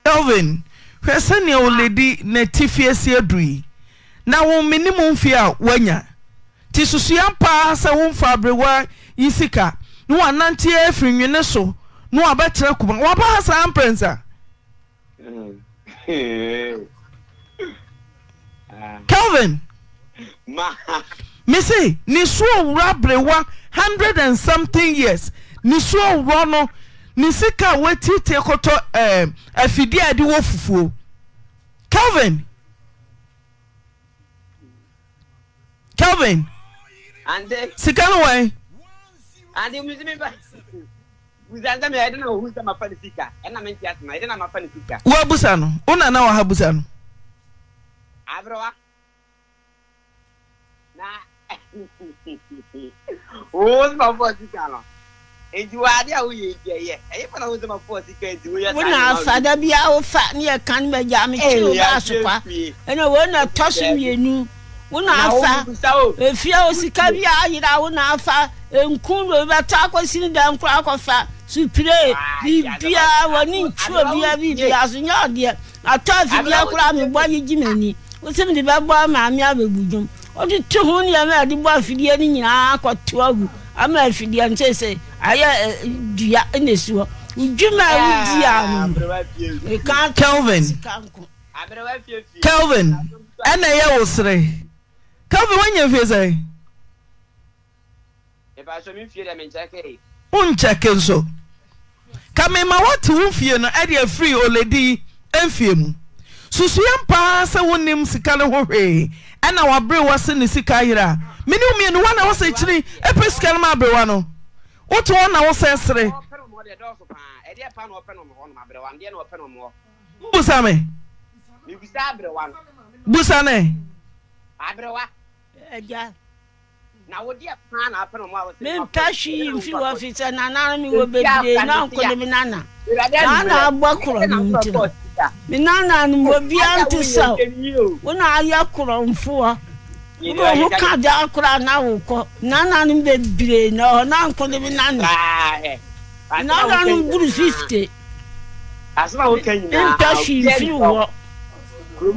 elvin hwɛ sɛnea oledi n'ati fiesie dui na wome ne mu mfie a woanya nti susua mpaa sɛ womfa aberewa yi sika na wanante afiri nwene so na wabɛkyerɛ kuma waba ha saa mprɛnsa kelvin mese ne suo wura aberewa hundred and something years ne suo wura no ne sika a wɔatiatia kɔtɔ ɛɛ eh, afidie a yɛde wɔ fufuo kelvin. kelvin uh, sika no wɔ woabusa no wo nana wɔ ha busa no abrewa na wo sɛ ma fɔ sika no nti wade a woyɛ nti ɛyɛ ɛyɛ fa na wo sɛ ma fɔ sika nti woyɛ wo na asada bia wofa ne yɛ ka no magya mekyewo baasokwa ɛna wei na tɔ so mmienu wona afa efia osika bi a ayera wona afa nkun do bɛtɔ akɔsi ne dan kora akɔfa supire bibia ni ntuo bia bibia so nyɛ ɔdeɛ atɔ afidie kora mebɔ yi gyi m'ani wosim de bɛbɔ maame abɛbu dwom ɔde to ho nneɛma a ɛde bɔ afidie no nyinaa akɔto agu ama afidie nkyɛ sɛ ayɛ dua na esi hɔ dwuma a wodi a no kelvin kelvin ɛna ɛyɛ wo sere Calvin wanya fie sɛ. Ìbáṣọ mi fie dẹ̀ mi nkyɛn kẹ́yì. Wo nkyɛn kẹ́ nso. Kàmi ma wọ́tí wo fie no ɛde efiri oledi efie mu. Susua mpaa sɛ wonim sika ne ho hwee ɛna wabere wɔsi ne sika ayere a. Mene mmienu wɔn na wɔsɛ ekyiri epe sika no mu aberewa no. Wotu wɔn na wɔsɛ esere. Busa mi. Busa ne. Aberewa. ɛgya na na a wɔ fi sɛ nana mi wɔ bebree na nkɔli mi nana nana abɔ korɔ mi nti no mi nana no wɔ bia sɛ ayɛ ho ka akora na kɔ nana no na na nana nana no buru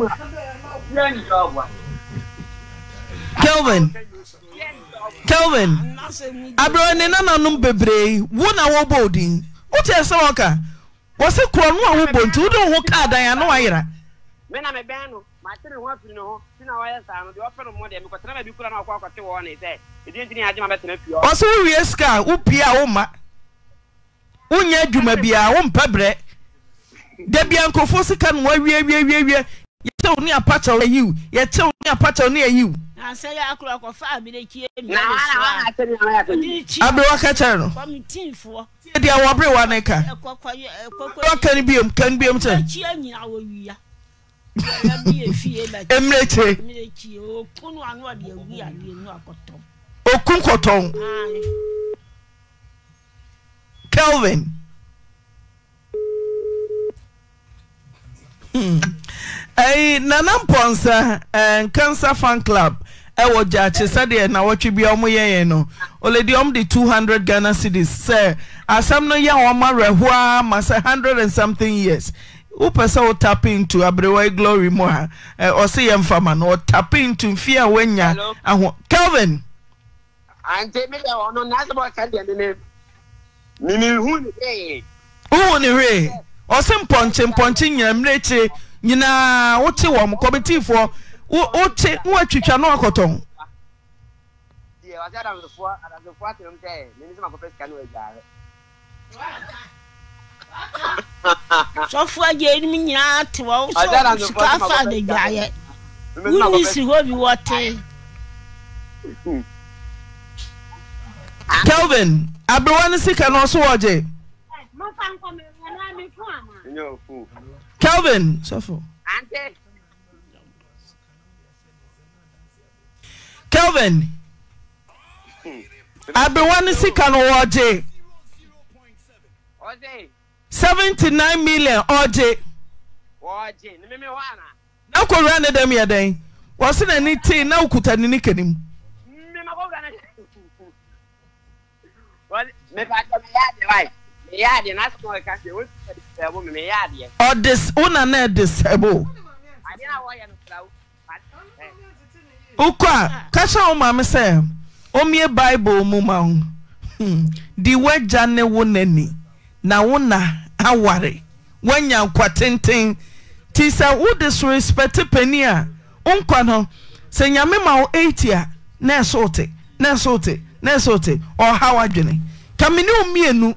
wɔ. kelvin kelvin abirɛ ne nananom bebree wo na wɔbɔ odin wote ɛsɛ wɔka wɔsi kuro no a wobɔ nti wode wo ho kaa dan ano ayera mena mebɛn no makyere ho afiri ne ho nti na wɔyɛ saa no deɛ ɔpɛ no mo deɛ mekɔtena baabi kura na wakɔ akɔte wɔ ne sɛ ɛdeɛ nti ne agye ma bɛtena fie ɔ sɛ wowie sika a wopie a woma wonyɛ adwuma biaa wompɛ berɛ da bia nkurɔfoɔ sika no wawiewiewie yɛtew ne apakyɛw ayiw yɛtew ne apakyɛw ne ayiw aberewa ka kyerɛ no deɛ deɛ wɔaberewa ne ka ɔka no biom ka no biom kyɛ mmerekyire okun kɔtɔn kelvin ɛyi mm. nana mpɔnsa ɛn eh, cancer fan club ɛwɔ eh, gyaakye sɛdeɛ nawɔtwe bia ɔmo yɛ yɛn no oledi ɔmo de two hundred ghana cities. sɛ asɛm no yɛ wɔn a ma sɛ hundred and something years wopɛ sɛ wo tap into aberewa glory mu ha ɛ eh, ɔsi yɛ nfa ma no ɔtap into mfi a wanya aho kelvin. ante mi dɛ ɔno n'asɛm ɔka deɛ ne ne mimi hu ne hwee. hu ne hwee ɔsɛ mpɔnkye mpɔnkye nyinamire akyi nyinaa wote wɔn kɔmitiifoɔ wote woatwitwa na wakɔtɔ sɔfo agye anim nyinaa te wɔ wosɔ sika afa adagyaeɛ wonni si hɔ bi wɔte kelvin aberewa no sika no ɔso wɔgye kelvin sọfọ. kelvin abewa ne sika no wɔgye seventy nine million ɔgye na kowura ne dɛm yɛ dɛn wɔsi n'ani tee na okuta ne nika ne mu. mɛ ma kowura ne dɛm. ụka kacha ɛdesɛbo wokɔ a ka kyerɛ wo maame sɛ hmm. ne wo na wo na wenya woanya nkwa tenten nti sɛ wode sorespɛte pani a wo nkwa no sɛ ma wo 80 a na esote wote na ɛso wote na na-esote, wote ɔhaw adwene ka mmienu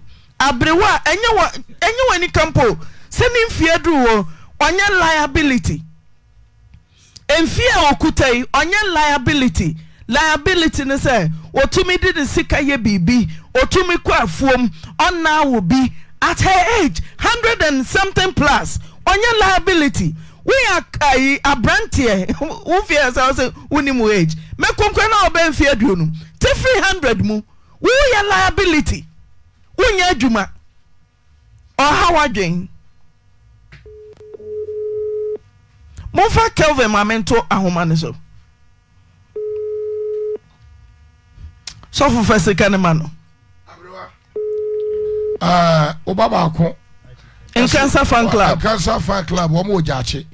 abereɔ yɛ wɔ anika mp sɛne mfia du hɔ ɔnyɛ liability mfie a okutai ɔyɛ liability liability no sɛ ɔtumi dede sika yɛ biribi ɔtumi kɔafuom ɔnaa wɔ bi at har g 100st plus ɔyɛ liability woyɛabrantɛ womfiɛsawswonim ɔg mɛ konkoan no wɔbɛ mfiaduo no tifre 100 mu woyɛ liability wonyɛ adwuma ɔha w'adwen momfa kelvin ma mento ahoma no so sɔfo fɛ sika no ma no woba eh, baako nkansa fan club eh, nkansa fan club wɔn wɔ gyaakye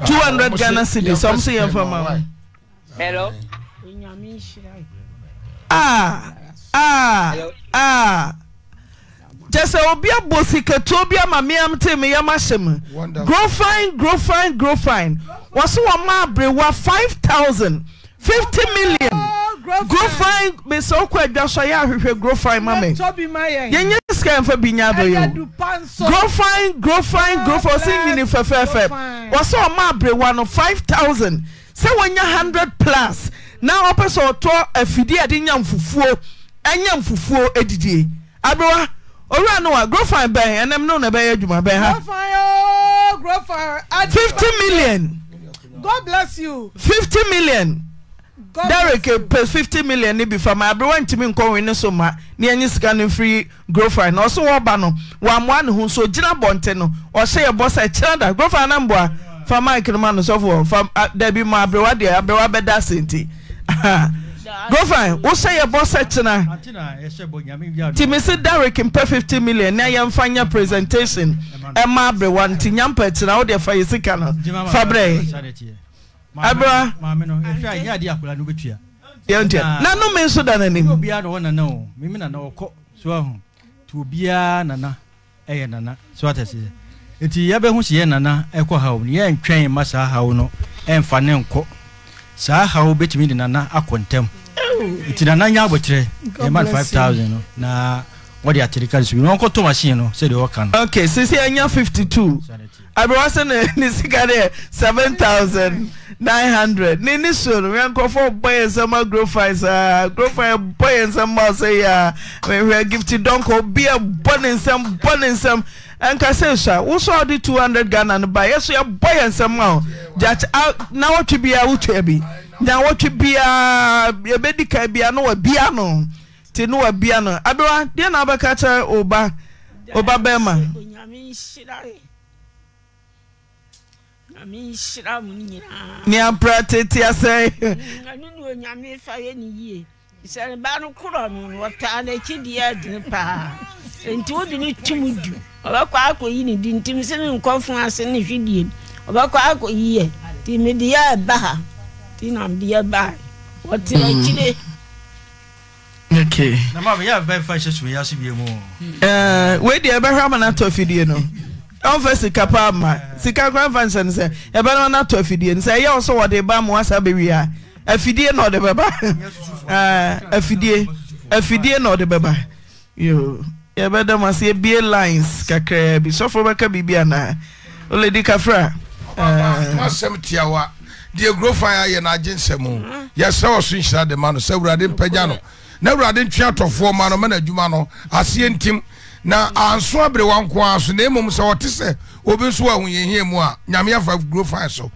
ah, two hundred ghana cedis ɔmo si yɛn fam awo. hello. ah ah ah kyɛ sɛ obi abɔ sikatuo bi ama meam te me yam ahyɛ mu grofine grofine grofine wɔ so wɔ ma aberewa 5000 50 million oh, grofine mesɛ wokɔ adwa so yɛ ahwehwɛ grofine ma me yɛnyɛ sika mfa bi nya abɛyɛ grofine grofine grofine ɔse nyini fɛfɛɛfɛ wɔ so wɔ ma aberewa no 5000 sɛ wɔnya 100 plus na ɔpɛ sɛ ɔtɔ afidie ade nya mfufuo ɛnya mfufuo adidie aberewa owura no wa grofan bɛn ɛnam no na bɛyɛ adwuma bɛn ha. grofan ooo grofan. fifty million. god bless you. fifty million. god derek pɛ fifty million ni bi fam aberewa ntumi nkɔnwi ne so ma ne anyi sika ne firi grofan na ɔso wɔba no wamoa ne ho nso gyina bɔnte no ɔhyɛ yɛ bɔ sɛ kyerɛ da grofan na mboa fama akinuma no sɔfo fam dabi mu aberewa deɛ aberewa bɛda ase nti. gofa wosɛ yɛbɔ sɛ kyena timi se derek mpɛ 50 million na yɛmfa nyɛ presentation ɛma aberewa nti nyampa kyena wode fa yɛ sika no fa berɛ abra yɛntua na nome nso da n'anim to obiara nana ɛyɛ nana so atɛsɛ nti yɛbɛho hyeɛ nana ɛkɔ haw no yɛntwɛn ma saa haw no ɛmfa ne nkɔ saa haw bɛtumi de nana akɔ ntɛm nti nana nya abɔkyerɛ ɛma no 5000 no na wɔde aterika so na ɔnkɔtɔ machine no sɛdeɛ ɔka no ok sisi anya 52 aberewa sɛ ne ne sika deɛ 7900 ne ne so no yɛnkɔfo bɔ yɛ nsɛm agrofai saa agrofai ah, bɔ yɛ nsɛm ma ɔsɛ yɛ a ah. mehwɛ gifti dɔnkɔ obi a bɔ ne nsɛm bɔ ne nsɛm ɛnka sɛ sua wo so wode 200 ghana no ba yɛso yɛbɔ yɛ nsɛm a o gya na wɔtwe biaa wotua bi nya wɔtwe biaa yɛbɛdi ka biaa na wabia no nti ne wabia no abewa deɛ na wobɛka kyerɛ oba oba bɛrima neampra tete asɛ nti wode ne tum du ɔbɛkɔ yi ne di nti mese ne nkɔfo ase ne hwedie m ɔbɛkɔ akɔyi yɛ nti di yɛ ɛba ha nti na mede yɛ ba wɔte hmm. akyire eh, wei deɛ ɛbɛhwɛ ama no atɔ afidie no ɔmfa sika pa ama sika kora mfa nsɛm sɛ ɛbɛno no atɔ afidie no sɛ ɛyɛ wo sɛ wɔde ba mmoa saa bɛwie a afidie na ɔde bɛba eh, afidie afidie na ɔde yɛbɛda mu ase ebie lines kakraa bi sɔfo bɛka biribi anaa oledi kafra. masɛm tiawa deɛ guro fan ayɛ n'agye nsɛm o yɛsɛ wɔ so nhyira de ma no sɛ awurade mpagya no na awurade ntwe atɔfoɔ ma no mɛna adwuma no aseɛ ntim na anso abere wa nko ara so na mmom sɛ wɔte sɛ obi nso wɔ ahoyɛhia mu a nyame afa guro fan so